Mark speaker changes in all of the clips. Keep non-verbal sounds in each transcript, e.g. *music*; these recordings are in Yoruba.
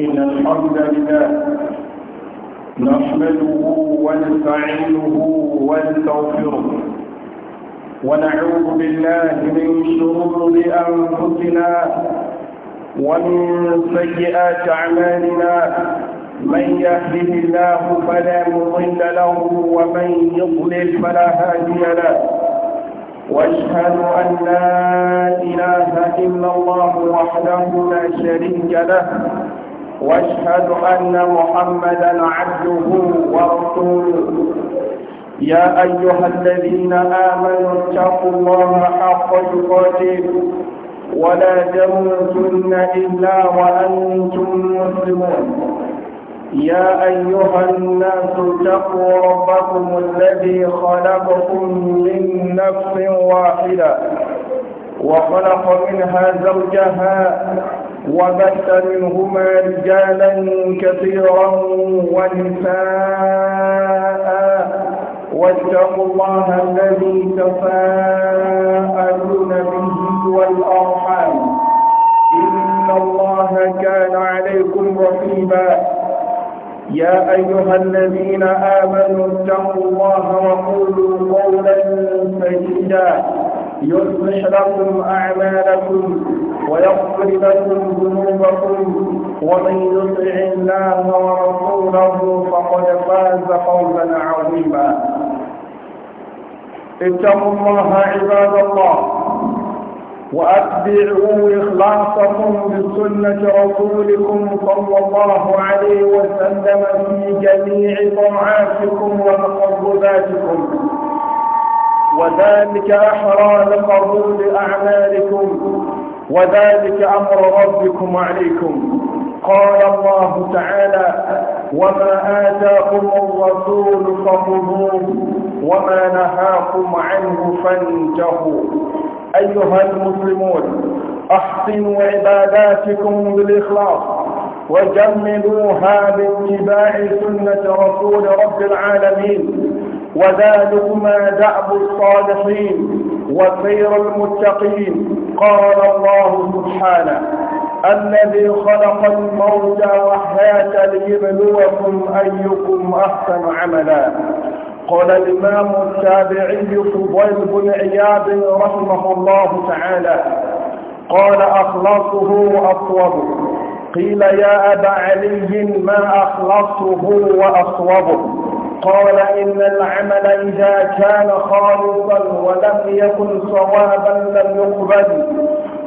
Speaker 1: إن الحمد لله
Speaker 2: نحمده ونستعينه ونستغفره ونعوذ بالله من شرور أنفسنا ومن سيئات أعمالنا من يهده الله فلا مضل له ومن يضلل فلا هادي له واشهد ان لا اله الا الله وحده لا شريك له واشهد أن محمدا عبده ورسوله يا أيها الذين آمنوا اتقوا الله حق تقاته ولا تموتن إلا وأنتم مسلمون يا أيها الناس اتقوا ربكم الذي خلقكم من نفس واحدة وخلق منها زوجها وبث منهما رجالا كثيرا ونساء واتقوا الله الذي تساءلون به والأرحام إن الله كان عليكم رحيما يا أيها الذين آمنوا اتقوا الله وقولوا قولا سديدا يصلح لكم أعمالكم ويغفر لكم ذنوبكم ومن يطع الله ورسوله فقد فاز فَوْزًا عظيما اتقوا الله عباد الله وأتبعوا إخلاصكم بسنة رسولكم صلى الله عليه وسلم في جميع طاعاتكم وتقرباتكم وذلك أحرى لقبول أعمالكم وذلك أمر ربكم عليكم قال الله تعالى وما آتاكم الرسول فخذوه وما نهاكم عنه فانتهوا أيها المسلمون أحسنوا عباداتكم بالإخلاص وجملوها باتباع سنة رسول رب العالمين وذلكما دعب الصالحين وخير المتقين قال الله سبحانه الذي خلق الموت وحياه ليبلوكم أيكم أحسن عملا قال الإمام التابعي فضيل بن عياد رحمه الله تعالى قال أخلصه وأصوبه قيل يا أبا علي ما أخلصه وأصوبه قال إن العمل إذا كان خالصا ولم يكن صوابا لم يقبل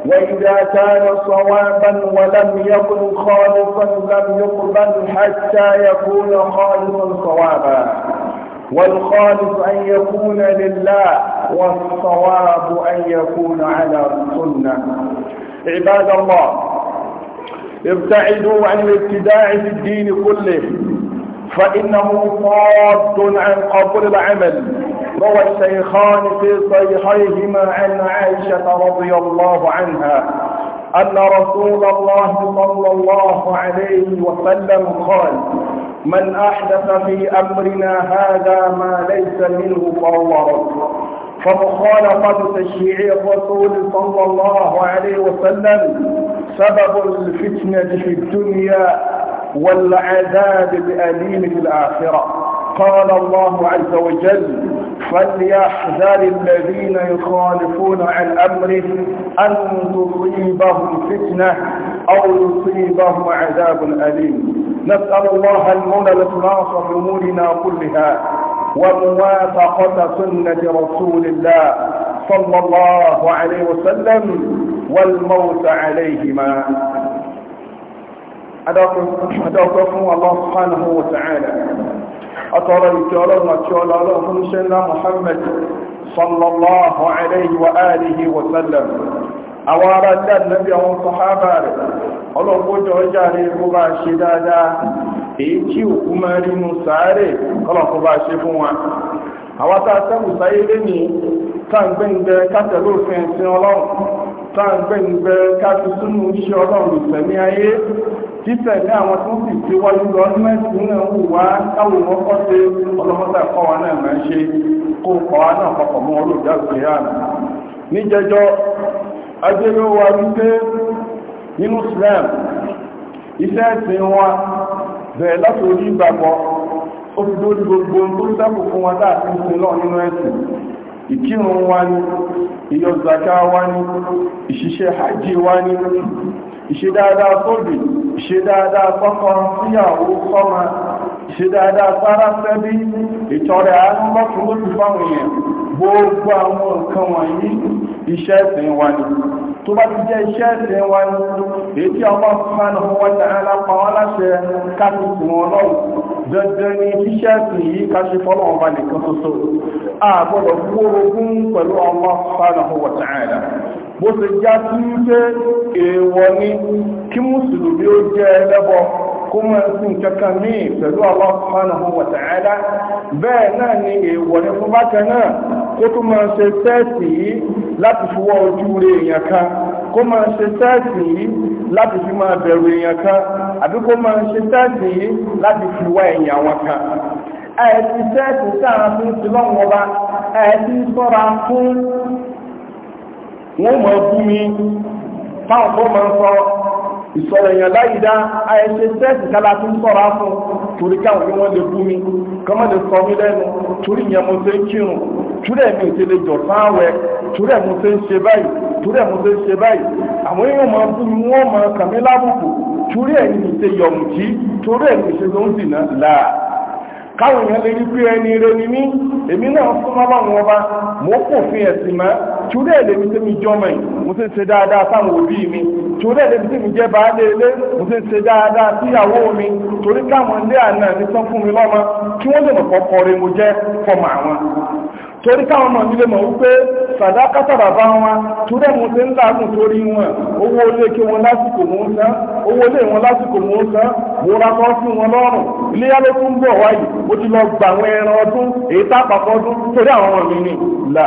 Speaker 2: وإذا كان صوابا ولم يكن خالصا لم يقبل حتى يكون خالصا صوابا والخالص أن يكون لله والصواب أن يكون على السنة عباد الله ابتعدوا عن الابتداع في الدين كله فإنه صاد عن قبول العمل روى الشيخان في صحيحيهما عن عائشة رضي الله عنها أن رسول الله صلى الله عليه وسلم قال من أحدث في أمرنا هذا ما ليس منه فهو رد فمخالفة تشريع الرسول صلى الله عليه وسلم سبب الفتنة في الدنيا والعذاب الأليم للآخرة قال الله عز وجل فليحذر الذين يخالفون عن أمره أن تصيبهم فتنة أو يصيبهم عذاب أليم نسأل الله المولى الإخلاص في أمورنا كلها وموافقة سنة رسول الله صلى الله عليه وسلم والموت عليهما adáwọ̀kọ́ fún Allah subhanahu wa ta'ala àtọrọ ìkẹ́ ọlọ́run àti ọlá ọlọ́run fún iṣẹ́ ńlá Muhammad sallallahu alayhi wa alihi wa sallam àwọn ará dá nàbí àwọn sọ̀hábà rẹ̀ ọlọ́gbójọ ọjà rẹ̀ ọlọ́run táǹgbẹ̀ǹgbẹ̀ káfíṣúnú iṣẹ́ ọlọ́run ìfẹ̀mí ayé títẹ̀ ní àwọn tó ti wáyé lọ ní ẹ̀sìn wá káwọn wọn sí ọlọ́mọta ẹ̀kọ́ wa náà máa ṣe kó kọ́ wa náà papọ̀ mọ́ olóòjá sí àmì níjẹjọ́ ajẹ́yọ́ wa wípé nínú Islam iṣẹ́ ẹ̀sìn wa bẹ̀rẹ̀ láti orí ìgbàgbọ́ ó fi gbogbo tó sẹ́kù fún wa láti náà ni zaka wa ni ìṣiṣẹ́ hajj wa ni ìṣe dáadáa fóbì ìṣe dáadáa fọ́kọ síyàwó fọ́mọ ìṣe dáadáa sára sẹ́bí ìtọrẹ àánú lọ́kùnrin lórí fáwọn èèyàn gbogbo àwọn nǹkan wọ̀nyí iṣẹ́ ẹ̀sìn wa ni tó bá ti jẹ́ iṣẹ́ ẹ̀sìn wa ni èyí tí ọmọ fúnfánà wọn ti hàn lápá wọn láṣẹ káàkiri fún wọn lọ́wọ́ dandan ni iṣẹ́ ẹ̀sìn yìí ká ṣe fọ́lọ́ ọba nìkan ṣoṣo a gbọ́dọ̀ gbórogún pẹ̀lú ọmọ fúnfánà wọn ti bó ṣe já sí wípé èèwọ̀ ni kí mùsùlùmí ó jẹ́ ẹlẹ́bọ kó mọ́ ẹ̀sìn kankan míì pẹ̀lú Allah subhanahu wa ta'ala bẹ́ẹ̀ náà ni èèwọ̀ ni fún bákan náà kó tó máa ṣe tẹ́ẹ̀sì yìí láti fi wọ́ ojú rẹ̀ èèyàn kan kó máa ṣe tẹ́ẹ̀sì yìí láti fi máa bẹ̀rù èèyàn kan àbí kó máa ṣe tẹ́ẹ̀sì yìí láti fi wá èèyàn wọn kan ẹ̀ẹ́sì tẹ́ẹ̀sì sáà fún ti lọ́wọ́ ọba ẹ̀ẹ́sì sọ́ra fún wọ́n mọ̀ bú mi táwọn kọ́ máa ń sọ ìsọ̀rọ̀ èèyàn láyìí dá àìṣe sẹ́ẹ̀sì kálá tí ń sọ̀rọ̀ fún torí káwọn kí wọ́n lè bú mi kọ́ mọ́ lè sọ mí lẹ́nu torí ìyẹn mo ṣe ń kírun torí ẹ̀mí ò ṣe lè jọ̀ sáwẹ̀ káwọn èèyàn lè rí pé ẹni rẹ ni mí èmi náà súnmọ́ ọba mò kò fi ẹ̀sìn mọ́ tẹ́mi jọmọ mo ti mi torí ẹ̀ lèmi tẹ́mi jẹ́ baálé ilé mo ti ṣe dáadáa síyàwó mi torí káwọn ilé àná mi sọ fún mi lọ́mọ kí wọ́n lè mọ̀ torí káwọn ọmọ mi lè mọ̀ wípé sàdákátà bàbá wọn túrẹ́ mo ti ń làágùn torí wọn owó ilé kí wọn lásìkò mò ń san owó wọn lásìkò mò ń san mo ra sí wọn lọ́rùn iléyà ló tún bọ̀ wáyé mo ti lọ gbà àwọn ẹran ọdún èyí tá àpapọ̀ ọdún torí àwọn ọmọ mi ni là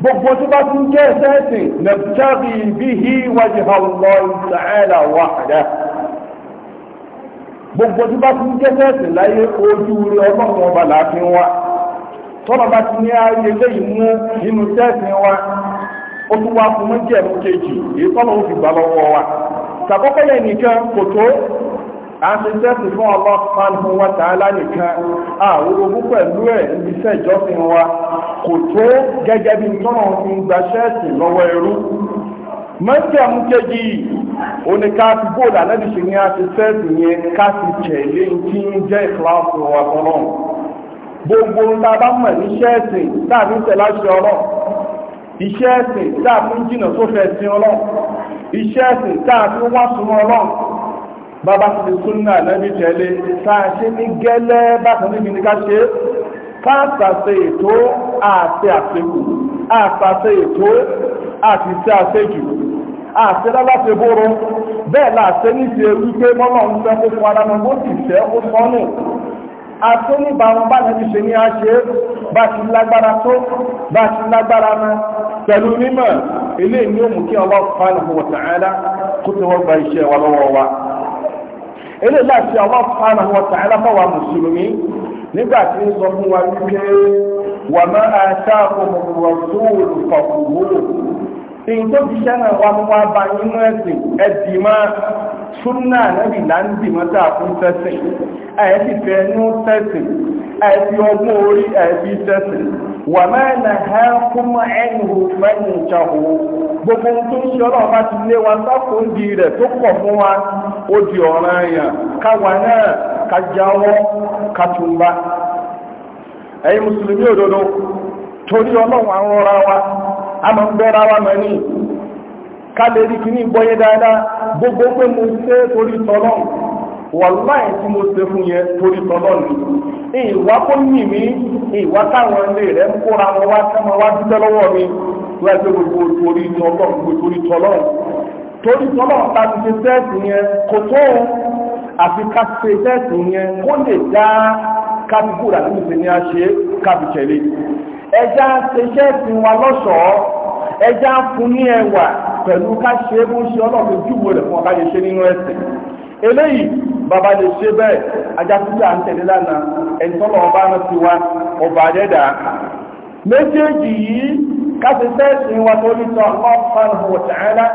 Speaker 2: gbogbo tó bá tún jẹ́ ẹ̀sìn wa. tọ́lọ̀ bá ti ní ayé léyìí mú nínú tẹ́ẹ̀sìn wa ó tún wá fún mọ́jẹ̀mú kejì èyí tọ́lọ̀ ó fi gbà lọ́wọ́ wa tàkọ́kọ́ yẹn nìkan kò tó a ti tẹ́sí fún Allah subhanahu wa ta'ala nìkan àwòrán pẹ̀lú ẹ̀ níbi iṣẹ́ ìjọsìn wa kò tó gẹ́gẹ́ bí tọ́lọ̀ fi ń gba ṣẹ́ẹ̀sì lọ́wọ́ ẹrú mọ́jẹ̀mú kejì
Speaker 1: òní ká fi bóòlù àlẹ́bìṣe
Speaker 2: ni a ti tẹ́sí yẹn ká fi tẹ̀lé ní kí ń jẹ́ ìkíláàsì wa fọlọ́run gbogbo ta bá mọ̀ níṣẹ́ ẹ̀sìn tàbí tẹ̀lá ṣe ọlọ́ iṣẹ́ ẹ̀sìn tàbí jìnà tó fẹ́ sí ọlọ́ iṣẹ́ ẹ̀sìn tàbí wá súnmọ́ ọlọ́ bàbá ti di súnà lẹ́bí tẹ̀lé sáàṣe ní gẹ́lẹ́ bákan níbi ní ká ṣe káàtàṣe ètò àti àṣekù àtàṣe ètò àti iṣẹ́ àṣejù àti láláṣe bóró bẹ́ẹ̀ láṣe ní ti ewu pé mọ́lọ́ ń fẹ́ kó fún adámọ́ bó sì fẹ́ ó sọ́nù àti oníbàámu bá nàbí ṣe ní àṣẹ bá ti lágbára tó bá ti lágbára mọ́ pẹ̀lú mímọ̀ eléyìí ni ó mú kí Allah subhanahu wa ta'ala kó tó wọ́n gba iṣẹ́ wa lọ́wọ́ wa eléyìí láti Allah subhanahu wa ta'ala fọwọ́ mùsùlùmí nígbà tí ń sọ fún wa wípé wa ma ataakumu rasulu fakhudhuhu ìyìn tó fi ṣẹ́ súnà lẹ́bì láńdì mọ́ta fún tẹ́sìn ẹ̀ẹ́sì fẹ́ tẹ́sìn ẹ̀ẹ́sì ọgbọ́n orí ẹ̀ẹ́sì tẹ́sìn wà mẹ́ẹ̀nà ha fún ẹnu fẹ́yìn gbogbo tó ń ṣe ọlọ́run ti lé wa sáfún di rẹ̀ tó pọ̀ fún wa ó di ọ̀ràn àyàn káwa náà ká jáwọ́ ká mùsùlùmí òdodo torí ọlọ́run àwọn ọ̀rá wa a máa ń gbọ́ra wa mọ́ ká lè rí kíní bọ́yé dáadáa gbogbo pé mo ṣe torí tọ́lọ́ wàláì tí mo ṣe fún yẹn torí tọ́lọ́ ni ìwà kó yìn mí ìwà táwọn ilé rẹ̀ ń kóra wọn wá sẹ́mọ wá dúpẹ́ lọ́wọ́ mi láì pé gbogbo torí tọ́lọ́ torí tọ́lọ́ torí tọ́lọ́ ta ti ṣe tẹ́ẹ̀sì yẹn kò tó àfi ká ṣe tẹ́ẹ̀sì yẹn kó lè dá kábíkúrò àti ìṣẹ́ ni a ṣe kábíkẹ̀lé ẹja ṣe iṣẹ́ ìsìn wa lọ́ṣọ̀ọ́ ẹja fún ní ẹwà pẹ̀lú ká ṣe bó ṣe ọlọ́run júwò rẹ̀ fún ọba lè ṣe nínú ẹ̀sìn eléyìí bàbá lè ṣe bẹ́ẹ̀ ajá títí à ń tẹ̀lé lánàá ẹni tọ́lọ̀ ọba náà ti wá ọba àdẹ́dà méjèèjì yìí káṣe sẹ́ẹ̀sìn wa tó nítọ́ subhanahu wa ta'ala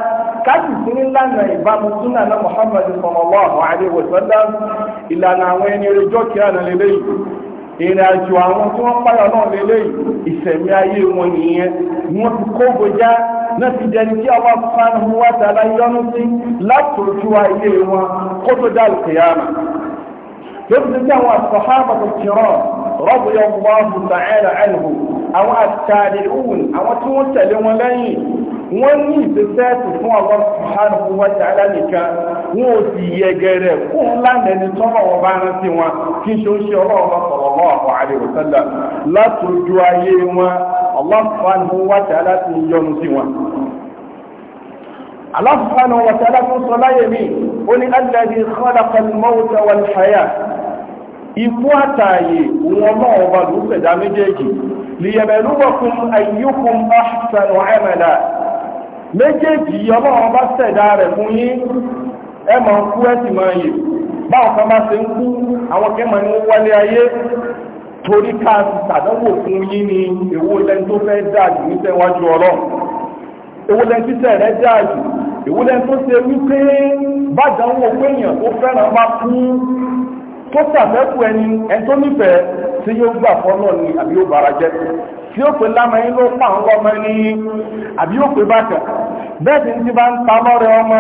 Speaker 2: náà ti dẹni tí Allah subhanahu wa ta'ala yọ́nú sí látòjú ayé wọn kó tó dá al-qiyama lóbi tí àwọn àṣàhábà tó kìrọ̀ radiyallahu ta'ala anhum àwọn àtàdéhùn àwọn tí wọ́n tẹ̀lé wọn lẹ́yìn wọ́n ní ìfẹ́sẹ́ẹ̀tì fún Allah subhanahu wa ta'ala nìkan wọn ò sì yẹgẹrẹ fún lánàá tọ́lọ̀ wọn bá rán sí wọn kí n ṣe ó ṣe ọlọ́run sallallahu alaihi wa sallam látòjú ayé wọn Allah subhanahu wa ta'ala ti yọ́nú sí wọn Allah subhanahu wa ta'ala tún sọ láyé mi ó ní alladhi khalaqa al-mawta wal-hayat ikú àtààyè òun ọmọ ọba ló fẹ̀dá méjèèjì liyabluwakum ayyukum ahsanu amala méjèèjì ọmọ ọba ṣẹ̀dá rẹ̀ fún yín ẹ máa kú ẹ sì máa yè báwọn kan bá ṣe ń kú àwọn kẹ́mọ̀ ní wọ́n wálé ayé torí ká tàdánwò fún yín ni èwo lẹ́ni tó fẹ́ dáàjù ní tẹ́wájú ọlọ́run èwo lẹ́ni títẹ̀ rẹ̀ dáàjù èwo lẹ́ni tó ṣe wípé bàdánwò péyàn tó fẹ́ràn bá kú tó sàfẹ́kù ẹni ẹni tó nífẹ̀ẹ́ tí yóò gbà fọ́nà ni àbí yóò bára jẹ́ tí ó pè lámọ yín ló pa àwọn ọmọ ní àbí yóò pè bàtà bẹ́ẹ̀ sì ń ti bá ń ta lọ́rẹ̀ ọmọ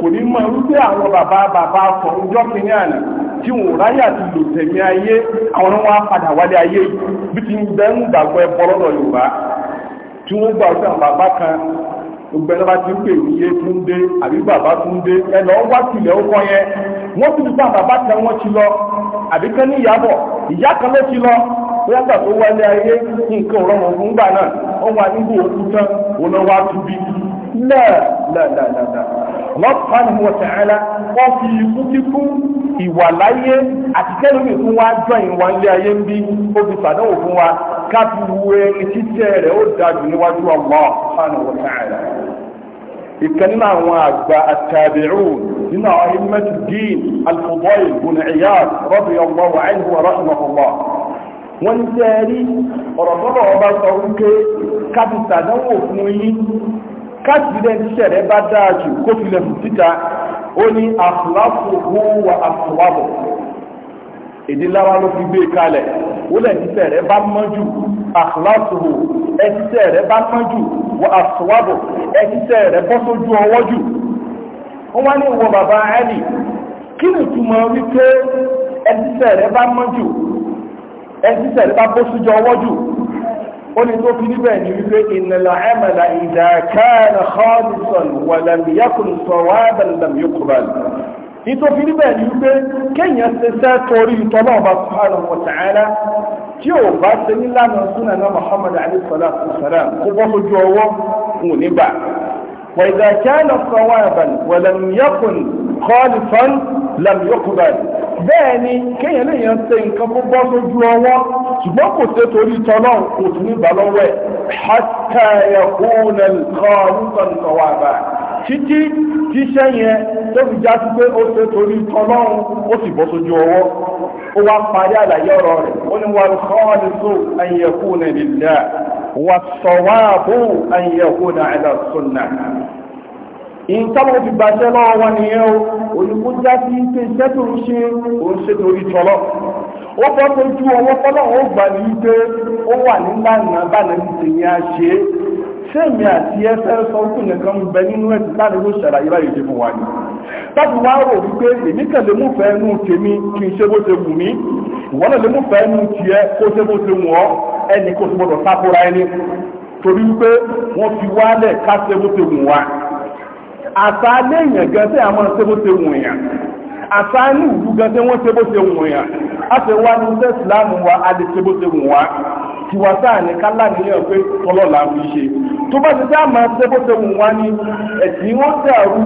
Speaker 2: kò ní mọ wípé àwọn bàbá bàbá sọ ọjọ́ kìíní àná tí ráyà ti lò tẹ̀mí ayé àwọn wọn padà ayé bí ti ń bẹ ń gbàgbọ́ ẹbọ lọ́dọ̀ Yorùbá tí wọ́n gbà bàbá kan gbogbo ti ń pè ní iye dé àbí bàbá dé wá tilẹ̀ ó kọ́ yẹn wọ́n ti bàbá tẹ ti lọ àbí ní ìyàbọ̀ ti lọ bóyá gbà tó wálé ayé nǹkan ọ̀rọ̀ fún gbà náà wọ́n òkú Allah subhanahu wa ta'ala wọ́n fi ikú kíkú ìwà láyé àti kẹ́lómi fún wa jọ ìwà ilé ayé ń bí ó fi sàdánwò fún wa káfí wu ẹni títẹ́ rẹ̀ ó dájú níwájú Allah subhanahu wa ta'ala ìkan nínú wọ́n ń káàkiri ẹni tíṣẹ́ rẹ bá dáa jù kó filẹ̀ fún síta ó ní àfúráfòhó wa àfúrábọ̀ èdè lára ló fi gbé e kalẹ̀ ó lẹ̀ tíṣẹ́ rẹ bá mọ́ jù àfúráfòhó ẹtíṣẹ́ rẹ bá mọ́ jù wa àfúrábọ̀ ẹtíṣẹ́ rẹ bọ́ sójú ọwọ́ jù wọ́n wá ní ìwọ bàbá ẹni kí ni túmọ̀ wípé ẹtíṣẹ́ rẹ bá mọ́ jù ẹtíṣẹ́ rẹ bá bọ́ sójú ọwọ́ jù ó ní tó fi níbẹ̀ ní wípé ìnàlá ẹ̀mẹ̀lá ìdàkáàlà kọ́ọ̀dùsọ̀n wà lẹ́mìyàkùn sọ̀wádà lẹ́mìyàkùbàl ní tó fi níbẹ̀ ní wípé kéèyàn ṣe sẹ́ torí ìtọ́lọ́ ọba sọ̀hánà wọ̀tàálá tí ò bá ṣe nílànà súnà náà Muhammad alayhi salatu wasalam kó làmìyókùbà bẹ́ẹ̀ ni kéèyàn lè yàn ṣe nǹkan kó bọ́ sójú ọwọ́ ṣùgbọ́n kò ṣe torí tọ́lọ́ kò tún ní balọ́wọ́ ẹ̀ hátà yakuna al-qamusan sawaba títí tíṣẹ́ yẹn tó fi já sí pé ó ṣe torí tọ́lọ́run ó sì bọ́ sójú ọwọ́ ó wá parí àlàyé ọ̀rọ̀ rẹ̀ ó ní wà lùkọ́ọ̀lùsù an yakuna lillah wà sọ̀wáàbù ìtàwọn ti gbàṣẹ́ lọ́wọ́ wọn nìyẹn o olùkú já sí pé iṣẹ́ tó ń ṣe òun ṣe torí tọ́lọ́ ó fọ́ tó ju owó tọ́lọ́ ó gbà ní pé ó wà nílànà báyìí ní tèmi á ṣe é ṣé èmi àti ẹ fẹ́ sọ fún nìkan ń bẹ nínú ẹ̀sìn láti ló ṣàlàyé báyìí dé fún wa ni tọ́jú wá rò wípé èmi kàn lè múfẹ́ ẹnu tèmi kí n ṣe bó ṣe wù mí ìwọ́n lè múfẹ́ ẹnu tiẹ̀ kó ṣe bó ṣe wù ọ́ ẹnì kó ṣe gbọdọ̀ sáfóra ẹni torí wípé wọ́n fi wálẹ̀ ká ṣe bó ṣe wù wá àṣà alẹ́ èèyàn gan tí a máa ṣe bó ṣe wù èèyàn àṣà inú ìlú gan tí wọ́n ṣe bó ṣe wù èèyàn a ṣe wá ní sẹ́sìlámù wa a lè ṣe ṣe wù wá tiwa sáà ní kálá nílẹ̀ pé tọ́lọ́lá fi ṣe tó bá ti dá máa ṣe bó ṣe wù wá ní ẹ̀sìn wọn dàrú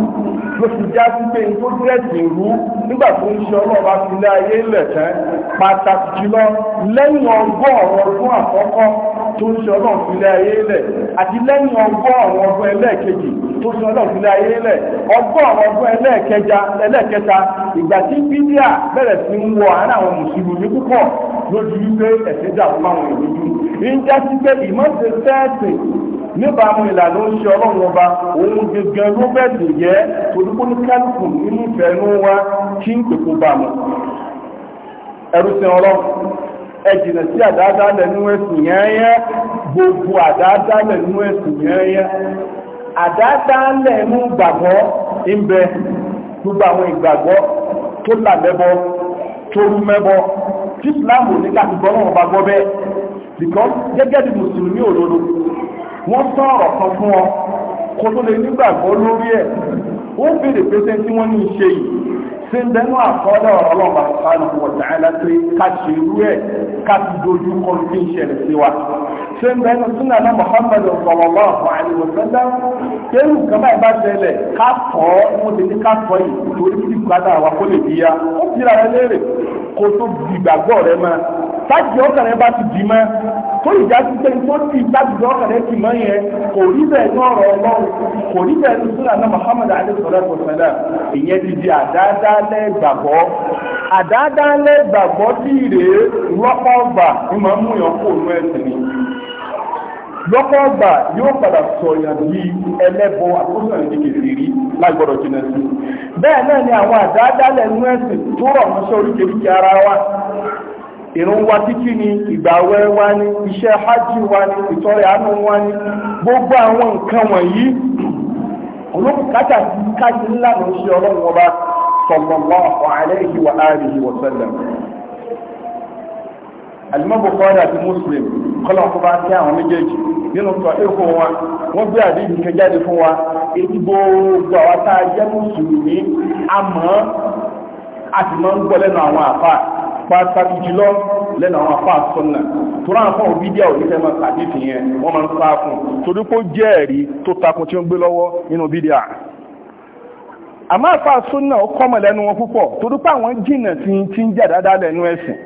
Speaker 2: ló fi já sí pé tó dẹ́sìn rú nígbà tó ń ṣe ọlọ́ọ̀bá fi lé ayé lẹ̀ tán pàtàkì jùlọ lẹ́yìn ọgọ́rùn ọdún àkọ́kọ́ tó ń ṣe ọlọ́ọ̀ fi lé ayé lẹ̀ àti lẹ́yìn ọgọ́rùn ọdún ẹlẹ́ẹ̀kejì tó ṣe ọlọ́ọ̀ fi lé ayé lẹ̀ ọgọ́rùn ọdún ẹlẹ́ẹ̀kẹta ìgbà tí bíbíà bẹ̀rẹ̀ sí ń wọ àárín àwọn mùsùlùmí púpọ̀ lójú wípé ẹ̀sìn ń já sí pé ìmọ̀sẹ̀ sẹ́ẹ̀sì nípa àwọn ìlànà oṣù ọlọ́run ọba òun gẹ́gẹ́ ló bẹ̀sẹ̀ jẹ́ torípó ní kálukú nínú ìfẹ́nu wa kí ń pèkó bá mu ẹrú sin ọlọ́run ẹ jìnà sí àdáadáa lẹ́nu ẹ̀sìn yẹn yẹn gbogbo àdáadáa lẹ́nu ẹ̀sìn yẹn yẹn àdáadáa lẹ́nu gbàgbọ́ ń bẹ gbogbo àwọn ìgbàgbọ́ tó là mẹ́bọ tó rú mẹ́bọ tí Islam ò ní káàkiri gbọ́ náà ọba gbọ́ bẹ́ẹ̀ because gẹ́gẹ́ bí mùsùlùmí òdodo wọ́n sọ̀rọ̀ kan fún ọ kó tó lè nígbàgbọ́ lórí ẹ̀ ó béèrè pé ṣé tí wọ́n ní í ṣe yìí ṣe ń bẹnu àkọọ́lẹ̀ ọ̀rọ̀ ọlọ́ọ̀bà subhanahu wa ta'ala pé ká ṣe irú ẹ̀ ká ti dojú kọ ní ìṣẹ̀lẹ̀ sí wa ṣe ń bẹnu súnà náà Muhammad sallallahu alaihi wa sallam kéwù kan báyìí bá ṣẹlẹ̀ ká tọ́ mo ti ní ká tọ́ yìí torí kí ìgbádà wa kó lè bí ya ó ti ra rẹ léèrè kó tó gbìgbàgbọ́ rẹ máa tájì ọkàn rẹ bá ti dì mọ́ tó ìjà sí pé tó ti tájì ọkàn rẹ dì mọ́ yẹn kò rí bẹ́ẹ̀ ní ọ̀rọ̀ ọlọ́run kò rí bẹ́ẹ̀ ní súnà náà Muhammad ali sọ̀rọ̀ kọ̀sẹ̀lẹ̀ ìyẹn ti di àdáadáalẹ̀ gbàgbọ́ àdáadáalẹ̀ gbàgbọ́ tí ìrèé lọ́pọ̀ ọgbà ń máa mú yàn kó òun ẹ̀sìn ni lọ́pọ̀ ọgbà yóò padà sọ̀yàn bí ẹlẹ́bọ àkóso ẹ̀dí kìrìrí lágbọ́dọ̀ jìnà sí bẹ́ẹ̀ náà ni àwọn àdáadáalẹ̀ inú ẹ̀sìn tó rọ̀ ìrún wa kíkí ni ìgbàwẹ̀ wa ni iṣẹ́ hajj wa ni ìtọrẹ àánú wa ni gbogbo àwọn nǹkan wọ̀nyí olókùnkátà ti káyí ńlá ló ń ṣe ọlọ́run ọba sallallahu alayhi wa alihi wa sallam alimọ́bù kọ́ọ̀dà àti muslim kọ́lọ̀ kó bá ń kí àwọn méjèèjì nínú sọ èkó wa wọ́n gbé àdéhùn kẹjáde fún wa èyí gbogbo àwọn tá a jẹ́ mùsùlùmí àmọ́ àti máa ń gbọ́ lẹ́nu àwọn àfáà pàtàkì jùlọ lẹ́nu àwọn afá sọ́nà tó rán afọ́ òbídíà òní fẹ́ máa tàbí fi yẹn wọ́n máa ń sá fún torí pé ó jẹ́ ẹ̀rí tó takun tí ó ń gbé lọ́wọ́ nínú bídíà àmọ́ afá sọ́nà ó kọ́mọ̀ lẹ́nu wọn púpọ̀ torí pé àwọn jìnnà ti ń jà dáadáa lẹ́nu ẹ̀sìn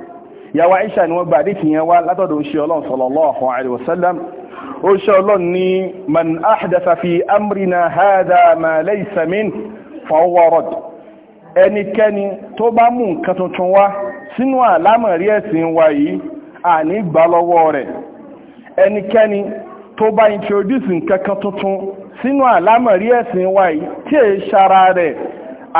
Speaker 2: ìyàwó Aisha ni wọ́n gba àdéhìí yẹn wá látọ̀dọ̀ òṣìṣẹ́ ọlọ́run sallallahu ẹnikẹ́ni tó bá mú nǹkan tuntun wá sínú àlámọ̀rí ẹ̀sìn wa yìí àní gbà lọ́wọ́ rẹ̀ ẹnikẹ́ni tó bá introduce nǹkan kan tuntun sínú àlámọ̀rí ẹ̀sìn wa yìí tí è ṣara rẹ̀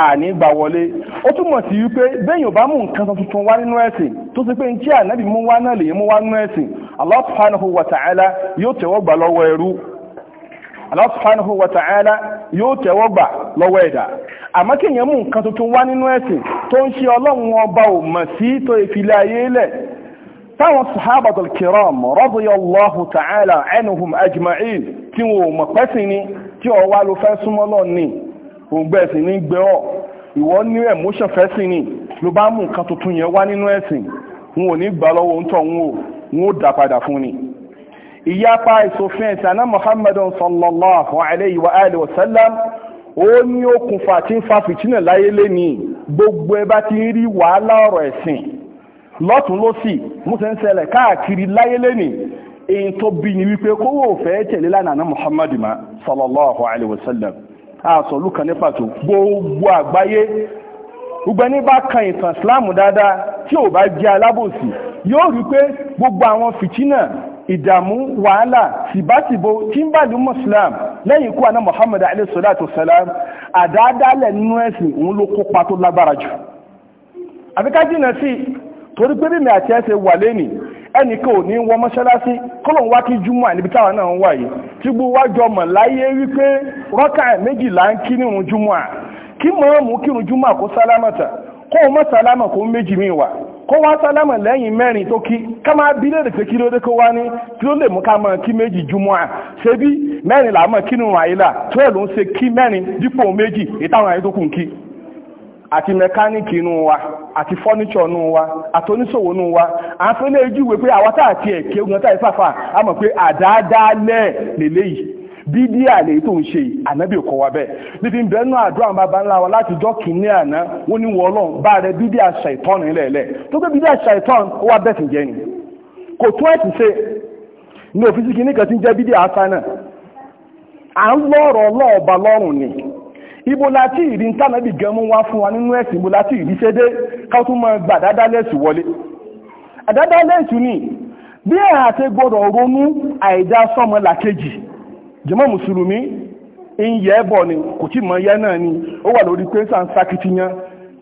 Speaker 2: àní gbà wọlé ó túmọ̀ sí wípé bẹ́yìn ò mú nǹkan tuntun wá nínú ẹ̀sìn tó sì pé ní tí ànábì mú wá náà lè mú wá nínú ẹ̀sìn Allah subhanahu yóò tẹ̀wọ́ gbà lọ́wọ́ ẹrú Allah subhanahu yóò tẹ̀wọ́ gbà lọ́wọ́ ẹ̀dá àmọ́ kéèyàn mú nǹkan tuntun wá nínú ẹ̀sìn tó ń ṣe ọlọ́run ọba ò mọ̀ sí tó ìfilẹ̀ ayé lẹ̀ táwọn sahabatul kiram radiyallahu ta'ala anhum ajma'in tí wọn ò mọ̀ pẹ́sìn ni tí ọ wá ló fẹ́ súnmọ́ lọ ní òǹgbẹ́sìn ní gbẹ́ ọ̀ ìwọ ní emotion fẹ́sìn ni ló bá mú nǹkan tuntun yẹn wá nínú ẹ̀sìn wọn ò ní gbà lọ́wọ́ ń tọ̀ wọn ò wọn ò dá padà fún ni ìyapa ìsòfin ẹ̀sìn aná muhammadun sallallahu alayhi wa sallam ó ní okùnfà tí ń fa fìtínà láyé lénìí gbogbo ẹ bá ti ń rí wàhálà ọ̀rọ̀ ẹ̀sìn lọ́tún lọ́sì múṣẹ́ ń ṣẹlẹ̀ káàkiri láyé lénìí èyí tó bí ni wípé kówó òfẹ́ tẹ̀lé lánàá Muhammad ma sallallahu alayhi wa sallam àsọ̀lù kan ní pàtó gbogbo àgbáyé gbogbo ẹni bá kan ìtàn Islam dáadáa tí ò bá jẹ́ alábòsí yóò rí pé gbogbo àwọn fìtínà ìdààmú wàhálà tìbátìbò tí ń bàdún muslim lẹ́yìn ikú àná muhammad alayhi salatu salam àdáadáalẹ̀ nínú ẹ̀sìn òun ló kópa tó lágbára jù àfikájínà sí torí pé bí mi àti ẹsẹ̀ wà lẹ́nì ẹnìkan ò ní wọ mọ́ṣáláṣí kọ́lọ̀n wá kí júmọ́ àníbi táwọn náà ń wà yìí tí gbogbo wájú ọmọ láyé wà kó wá sálámà lẹ́yìn mẹ́rin tó kí ká máa bí lè pé kí ló dé kó wá ní kí ló lè mú ká máa kí méjì jùmọ̀ à ṣe bí mẹ́rin là kínú àyílà tó ẹ̀ ló ń ṣe kí mẹ́rin dípò méjì ìtàwọn àyè tó kù ń kí àti mẹkáníìkì inú wa àti fọ́níṣọ̀ inú wa àti oníṣòwò inú wa à ń fẹ́ lè júwe pé àwọn táà tiẹ̀ kéwọn táà ìfàfà á mọ̀ pé àdáadáa lẹ́ẹ̀ lélẹ́yìí bídí àlè tó ń ṣe ànábì kọ wa bẹ́ẹ̀ níbi bẹ́ẹ̀nù àdúrà bàbá ńlá wa láti jọ́ kìíní àná wọ́n ní wọ́n lọ́n bá rẹ bídí àṣà ìtọ́nù ilẹ̀ẹ́lẹ̀ tó gbé bídí àṣà ìtọ́nù ó wá bẹ́ẹ̀ sì jẹ́ ni kò tún ẹ̀sìn ṣe ní òfíìsì kìíní kan ti ń jẹ́ bídí àṣà náà à ń lọ́rọ̀ ọlọ́ọ̀ba lọ́rùn ni ibo láti ìrí ń tànàbì gan mú wá fún wa nínú ẹ̀sìn ibo láti ìrí ṣédé ká tún máa gbà dáadáa lẹ́sùn ni bí ẹ̀ àti gbọ́dọ̀ ronú àìdá sọ́mọ làkejì jàmá mùsùlùmí ń yẹ bọ̀ ni kò tí mọ̀ yẹ náà ni ó wà lórí pé sàn sakitiyan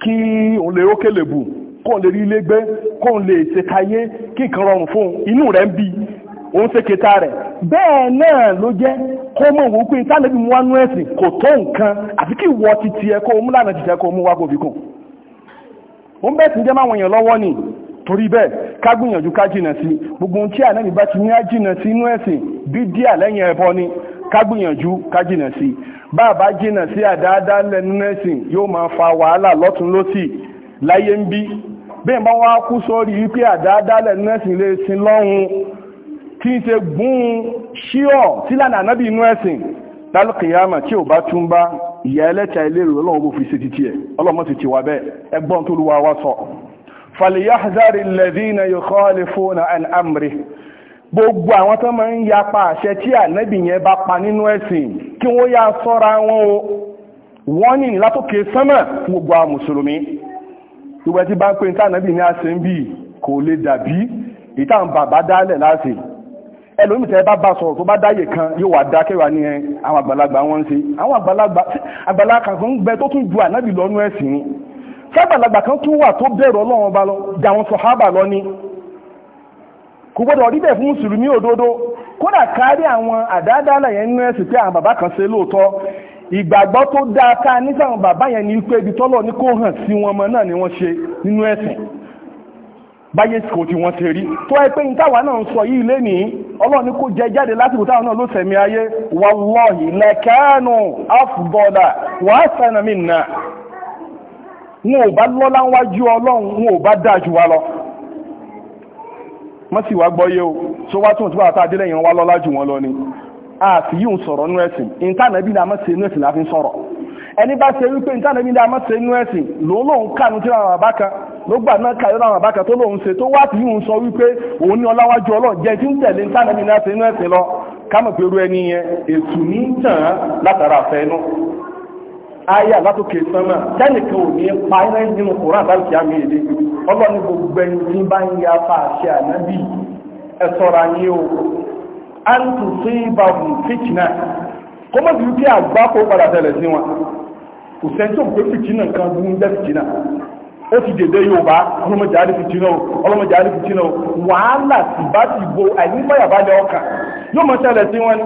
Speaker 2: kí òun lè rókè lè bù kóun lè rí ilé gbé kóun lè ṣe káyé kí nǹkan rọrùn fún un inú rẹ̀ ń bí òun ṣe kẹta rẹ̀ bẹ́ẹ̀ náà ló jẹ́ kó mọ̀ wò pé ìtàlẹ́bí mu wánú ẹ̀sìn kò tó nǹkan àfi kí ìwọ ti tiẹ̀ kó mú lànà tìtẹ̀ kó mú wá kó fi kùn òun bẹ́ẹ̀ sì jẹ́ máwọn èèyàn lọ́wọ́ ni torí bẹ́ẹ̀ ká gbìyànjú ká jìnà sí gbogbo ohun tí ànábì bá ti ní á jìnà sí inú ẹ̀sìn bí díà lẹ́yìn ẹ̀bọ ni kágbìyànjú kájìnà sí bàbá jìnà sí àdáadáa lẹ́nu nẹ́sìn yóò máa fa wàhálà lọ́tún lọ́sì láyé ń bí bẹ́ẹ̀ bá wá kú sórí wípé àdáadáa lẹ́nu nẹ́sìn lè sin lọ́hun tí ń ṣe gún ṣíọ̀ sílànà ànábì inú ẹ̀sìn lálùkìyàmà tí ò bá tún bá ìyà ẹlẹ́ta ilérò ọlọ́run bó fi ṣe títí ẹ̀ ọlọ́run ti ti wà bẹ́ẹ̀ ẹgbọ́n tó lùwà wá sọ fàlìyà hazari lẹ́dínà yóò kọ́ gbogbo àwọn tó máa ń yapa àṣẹ tí ànábì yẹn bá pa nínú ẹ̀sìn kí wọ́n yá sọ́ra wọn o wọ́n ní látòkè sánmà fún gbogbo àwọn mùsùlùmí ìwẹ̀ tí bá ń pè ní tànábì ní àṣẹ ń bì kò lè dàbí ìtàn bàbá dálẹ̀ láti ẹlòmí tẹ́ bá bá sọ̀rọ̀ tó bá dáyè kan yóò wà dá ní àwọn àgbàlagbà wọn ṣe àwọn àgbàlagbà kan gbẹ tó tún ju ànábì lọ́nú ẹ̀sìn ni sábàlagbà kan tún wà tó bẹ̀rù ọlọ́run bá lọ dàwọn sọ̀hábà lọ ni kò gbọ́dọ̀ rí fún mùsùlùmí òdodo kódà kárí àwọn àdáadáa yẹn nínú ẹ̀sìn pé àwọn bàbá kan ṣe lóòótọ́ ìgbàgbọ́ tó dáa ká ní bàbá yẹn ni pé ibi tọ́lọ̀ ní kó hàn sí wọn mọ́ náà ni wọ́n ṣe nínú ẹ̀sìn báyé kò tí wọ́n ṣe rí tó ẹ pé ní náà ń yìí lé ní ọlọ́ọ̀ni jáde lásìkò táwọn náà ló sẹ̀mí ayé lẹ́kẹ́ẹ̀nù wọ́n sì wá gbọ́yé o tó wá tóun tó bá tàà délẹ̀ yẹn wá lọ́lá jù wọ́n lọ ni a sì yíò sọ̀rọ̀ nú ẹ̀sìn ìntànàbí ni a mọ́ sí inú ẹ̀sìn láti sọ̀rọ̀ ẹni bá ṣe wípé ìntànàbí ni a mọ́ sí inú ẹ̀sìn lòun lòun kànú tí àwọn àbá kan ló gbà náà kàyọ́ àwọn àbá kan tó lòun ṣe tó wá sí yíò sọ wípé òun ní ọláwájú ọlọ́run àyà látòkè sánmà tẹ́nìkan ò ní pa iná nínú kòrán àbálùkì àmì èdè ọlọ́ ní gbogbo ẹni tí bá ń ya fa àṣẹ ànábì ẹ ṣọ́ra yín o a ń tù sí ìbàbùn fìtìnà kó mọ̀ sí pé àgbá kó padà tẹ̀lẹ̀ sí wọn kò sẹ́ńtò pé fìtìnà kan bú ń jẹ́ fìtìnà ó ti dèdè yorùbá ọlọ́mọdé àdé fìtínà o ọlọ́mọdé àdé fìtínà o wàhálà sì bá ti bo àìníbàyàbálẹ̀ ọkàn yóò mọ̀ ṣẹlẹ̀ sí wọn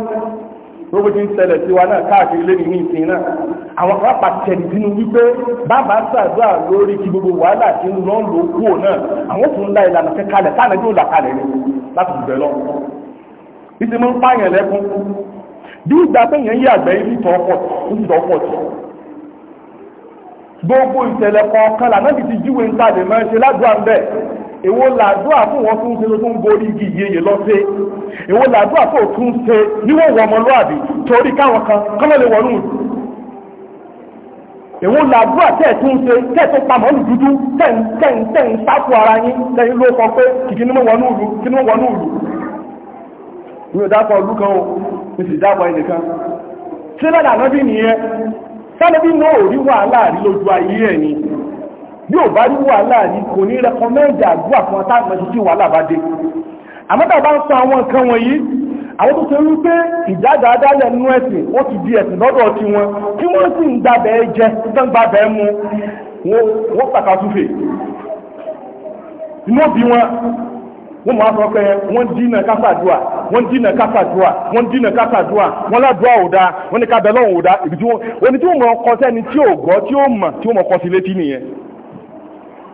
Speaker 2: lóko ti ń ṣẹlẹ̀ sí wa náà káàkiri lé nínú ìsìn náà àwọn kan pàtẹ́lì sínú wípé bàbá ṣàdúrà lórí kí gbogbo wàhálà ti ń lọ ń lò kúò náà àwọn tó ń la ìlànà kẹkalẹ̀ táwọn ẹgbẹ́ òlà kalẹ̀ ni láti bẹ̀ lọ. ìsì mú pààyàn lẹ́kún bí ìgbà pé yẹn yí àgbẹ̀ yìí tọ́ pọ̀ tì gbogbo ìṣẹ̀lẹ̀ kọ̀ọ̀kan lànà ti ti jíwe ń tàdé mọ́ ṣe èwo làdúrà fún wọn tún ṣe tó tún borí igi yeye lọ sí èwo làdúrà tó tún ṣe níwọ̀n ọmọlúàbí torí káwọn kan kọ́lọ́ lè wọnú èwo làdúrà tẹ̀ tún ṣe tẹ̀ tó pa mọ́lù dúdú tẹ̀ ń tẹ̀ ń tẹ̀ ń sáfù ara yín tẹ̀yìn ló kọ pé kìkì ní wọnú ìlú kí ní wọnú ìlú mi ò dápọ̀ ọdún kan o mi sì dápọ̀ ẹnìkan ṣé lọ́dà náà bí nìyẹn sálẹ́bí náà ò rí wàhálà rí lójú ayé ẹ̀ ni bí ò bá rí wàhálà ní kò ní rẹkọmẹ́ndì àdúrà fún atáàmọ̀ sí tí wàhálà bá dé àmọ́tà bá ń sọ àwọn nǹkan wọ̀nyí àwọn tó ṣe wí pé ìjáde adálẹ̀ nínú ẹ̀sìn ó ti di ẹ̀sìn lọ́dọ̀ ti wọn tí wọ́n sì ń gbàbẹ̀ jẹ tó ń gbàbẹ̀ mu wọ́n pàkàtúfè inú òbí wọn wọ́n máa sọ pé wọ́n dínà kásàdúà wọ́n dínà kásàdúà wọ́n dínà kásàdúà wọ́n ládùá òdá wọ́n ní kábẹ́ lọ́wọ́ òdá ìbí tí wọ́n ní tí wọ́n mọ̀ ọkọ sẹ́ni tí ò gbọ́ tí ó mọ̀ tí wọ́n mọ̀ ọkọ sí létí nìyẹn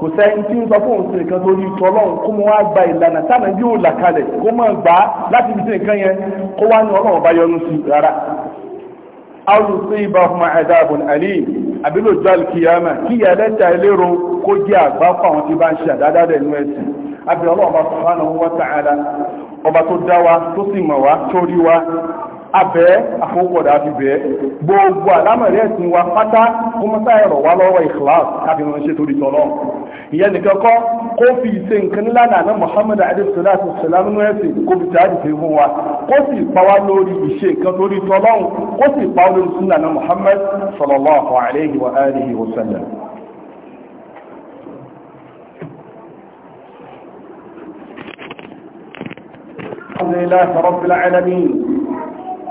Speaker 2: kò sẹ́yìn tí ń sọ fún òun sí nǹkan tó rí tọ́lọ́run kó mọ wá gba ìlànà táwọn yóò là kalẹ̀ kó mọ̀ gbà á láti fi sí nǹkan yẹn kó wá ní ọlọ́run bá yọnu sí rárá. àwọn sí ibà fún adabun alim àbílò jọ́ọ̀lù kìyàmà kí ìyàlẹ́ta ẹlẹ́rọ kó jẹ́ àgbá fún àwọn bá ń ṣe àdáadáa rẹ̀ ẹ̀sìn wa ta'ala ọba tó dá abẹ́ àfọwọ́pọ̀dà àti bẹ́ẹ̀ gbogbo àlámọ̀rí ẹ̀sìn wa pátá kó mọ́tà ẹ̀rọ wa lọ́wọ́ ìkìláàsì káfí wọn ṣe torí tọ́lọ́ ìyẹn nìkan kọ́ kó fi ìṣe nǹkan ńlá nàánà Muhammad alayhisalaatu salaam nínú ẹ̀sìn kó fi tààdì fi fún wa kó sì pa wá lórí ìṣe nǹkan torí tọ́lọ́ kó sì pa lórí sunna nàánà Muhammad sallallahu alayhi wa alihi wa sallam. الحمد لله رب العالمين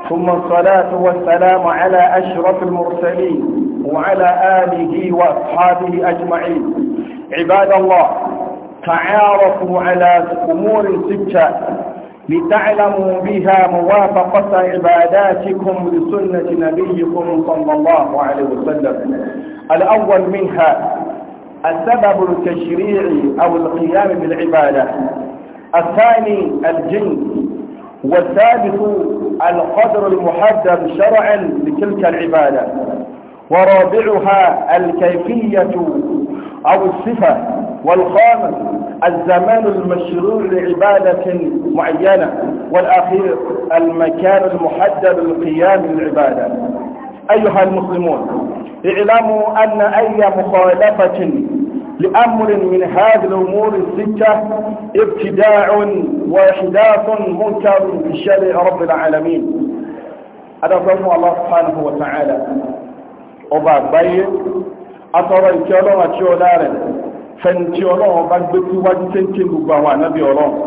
Speaker 2: ثم الصلاة والسلام على أشرف المرسلين وعلى آله وأصحابه أجمعين عباد الله تعارفوا على أمور ستة لتعلموا بها موافقة عباداتكم لسنة نبيكم صلى الله عليه وسلم الأول منها السبب التشريعي أو القيام بالعبادة الثاني الجنس والثالث القدر المحدد شرعا لتلك العبادة ورابعها الكيفية أو الصفة والخامس الزمان المشروع لعبادة معينة والأخير المكان المحدد للقيام بالعبادة أيها المسلمون اعلموا أن أي مخالفة لأمر من هذه الأمور الستة ابتداع وإحداث منكر بشرع رب العالمين هذا فهم الله سبحانه وتعالى ọba àgbáyé atọrọ ìkẹ́ ọlọ́run àti ọlá rẹ̀ fẹ́ntí ọlọ́run ọba gbé síwájú tẹ́ńtẹ́ gbogbo àwọn ànábì ọlọ́run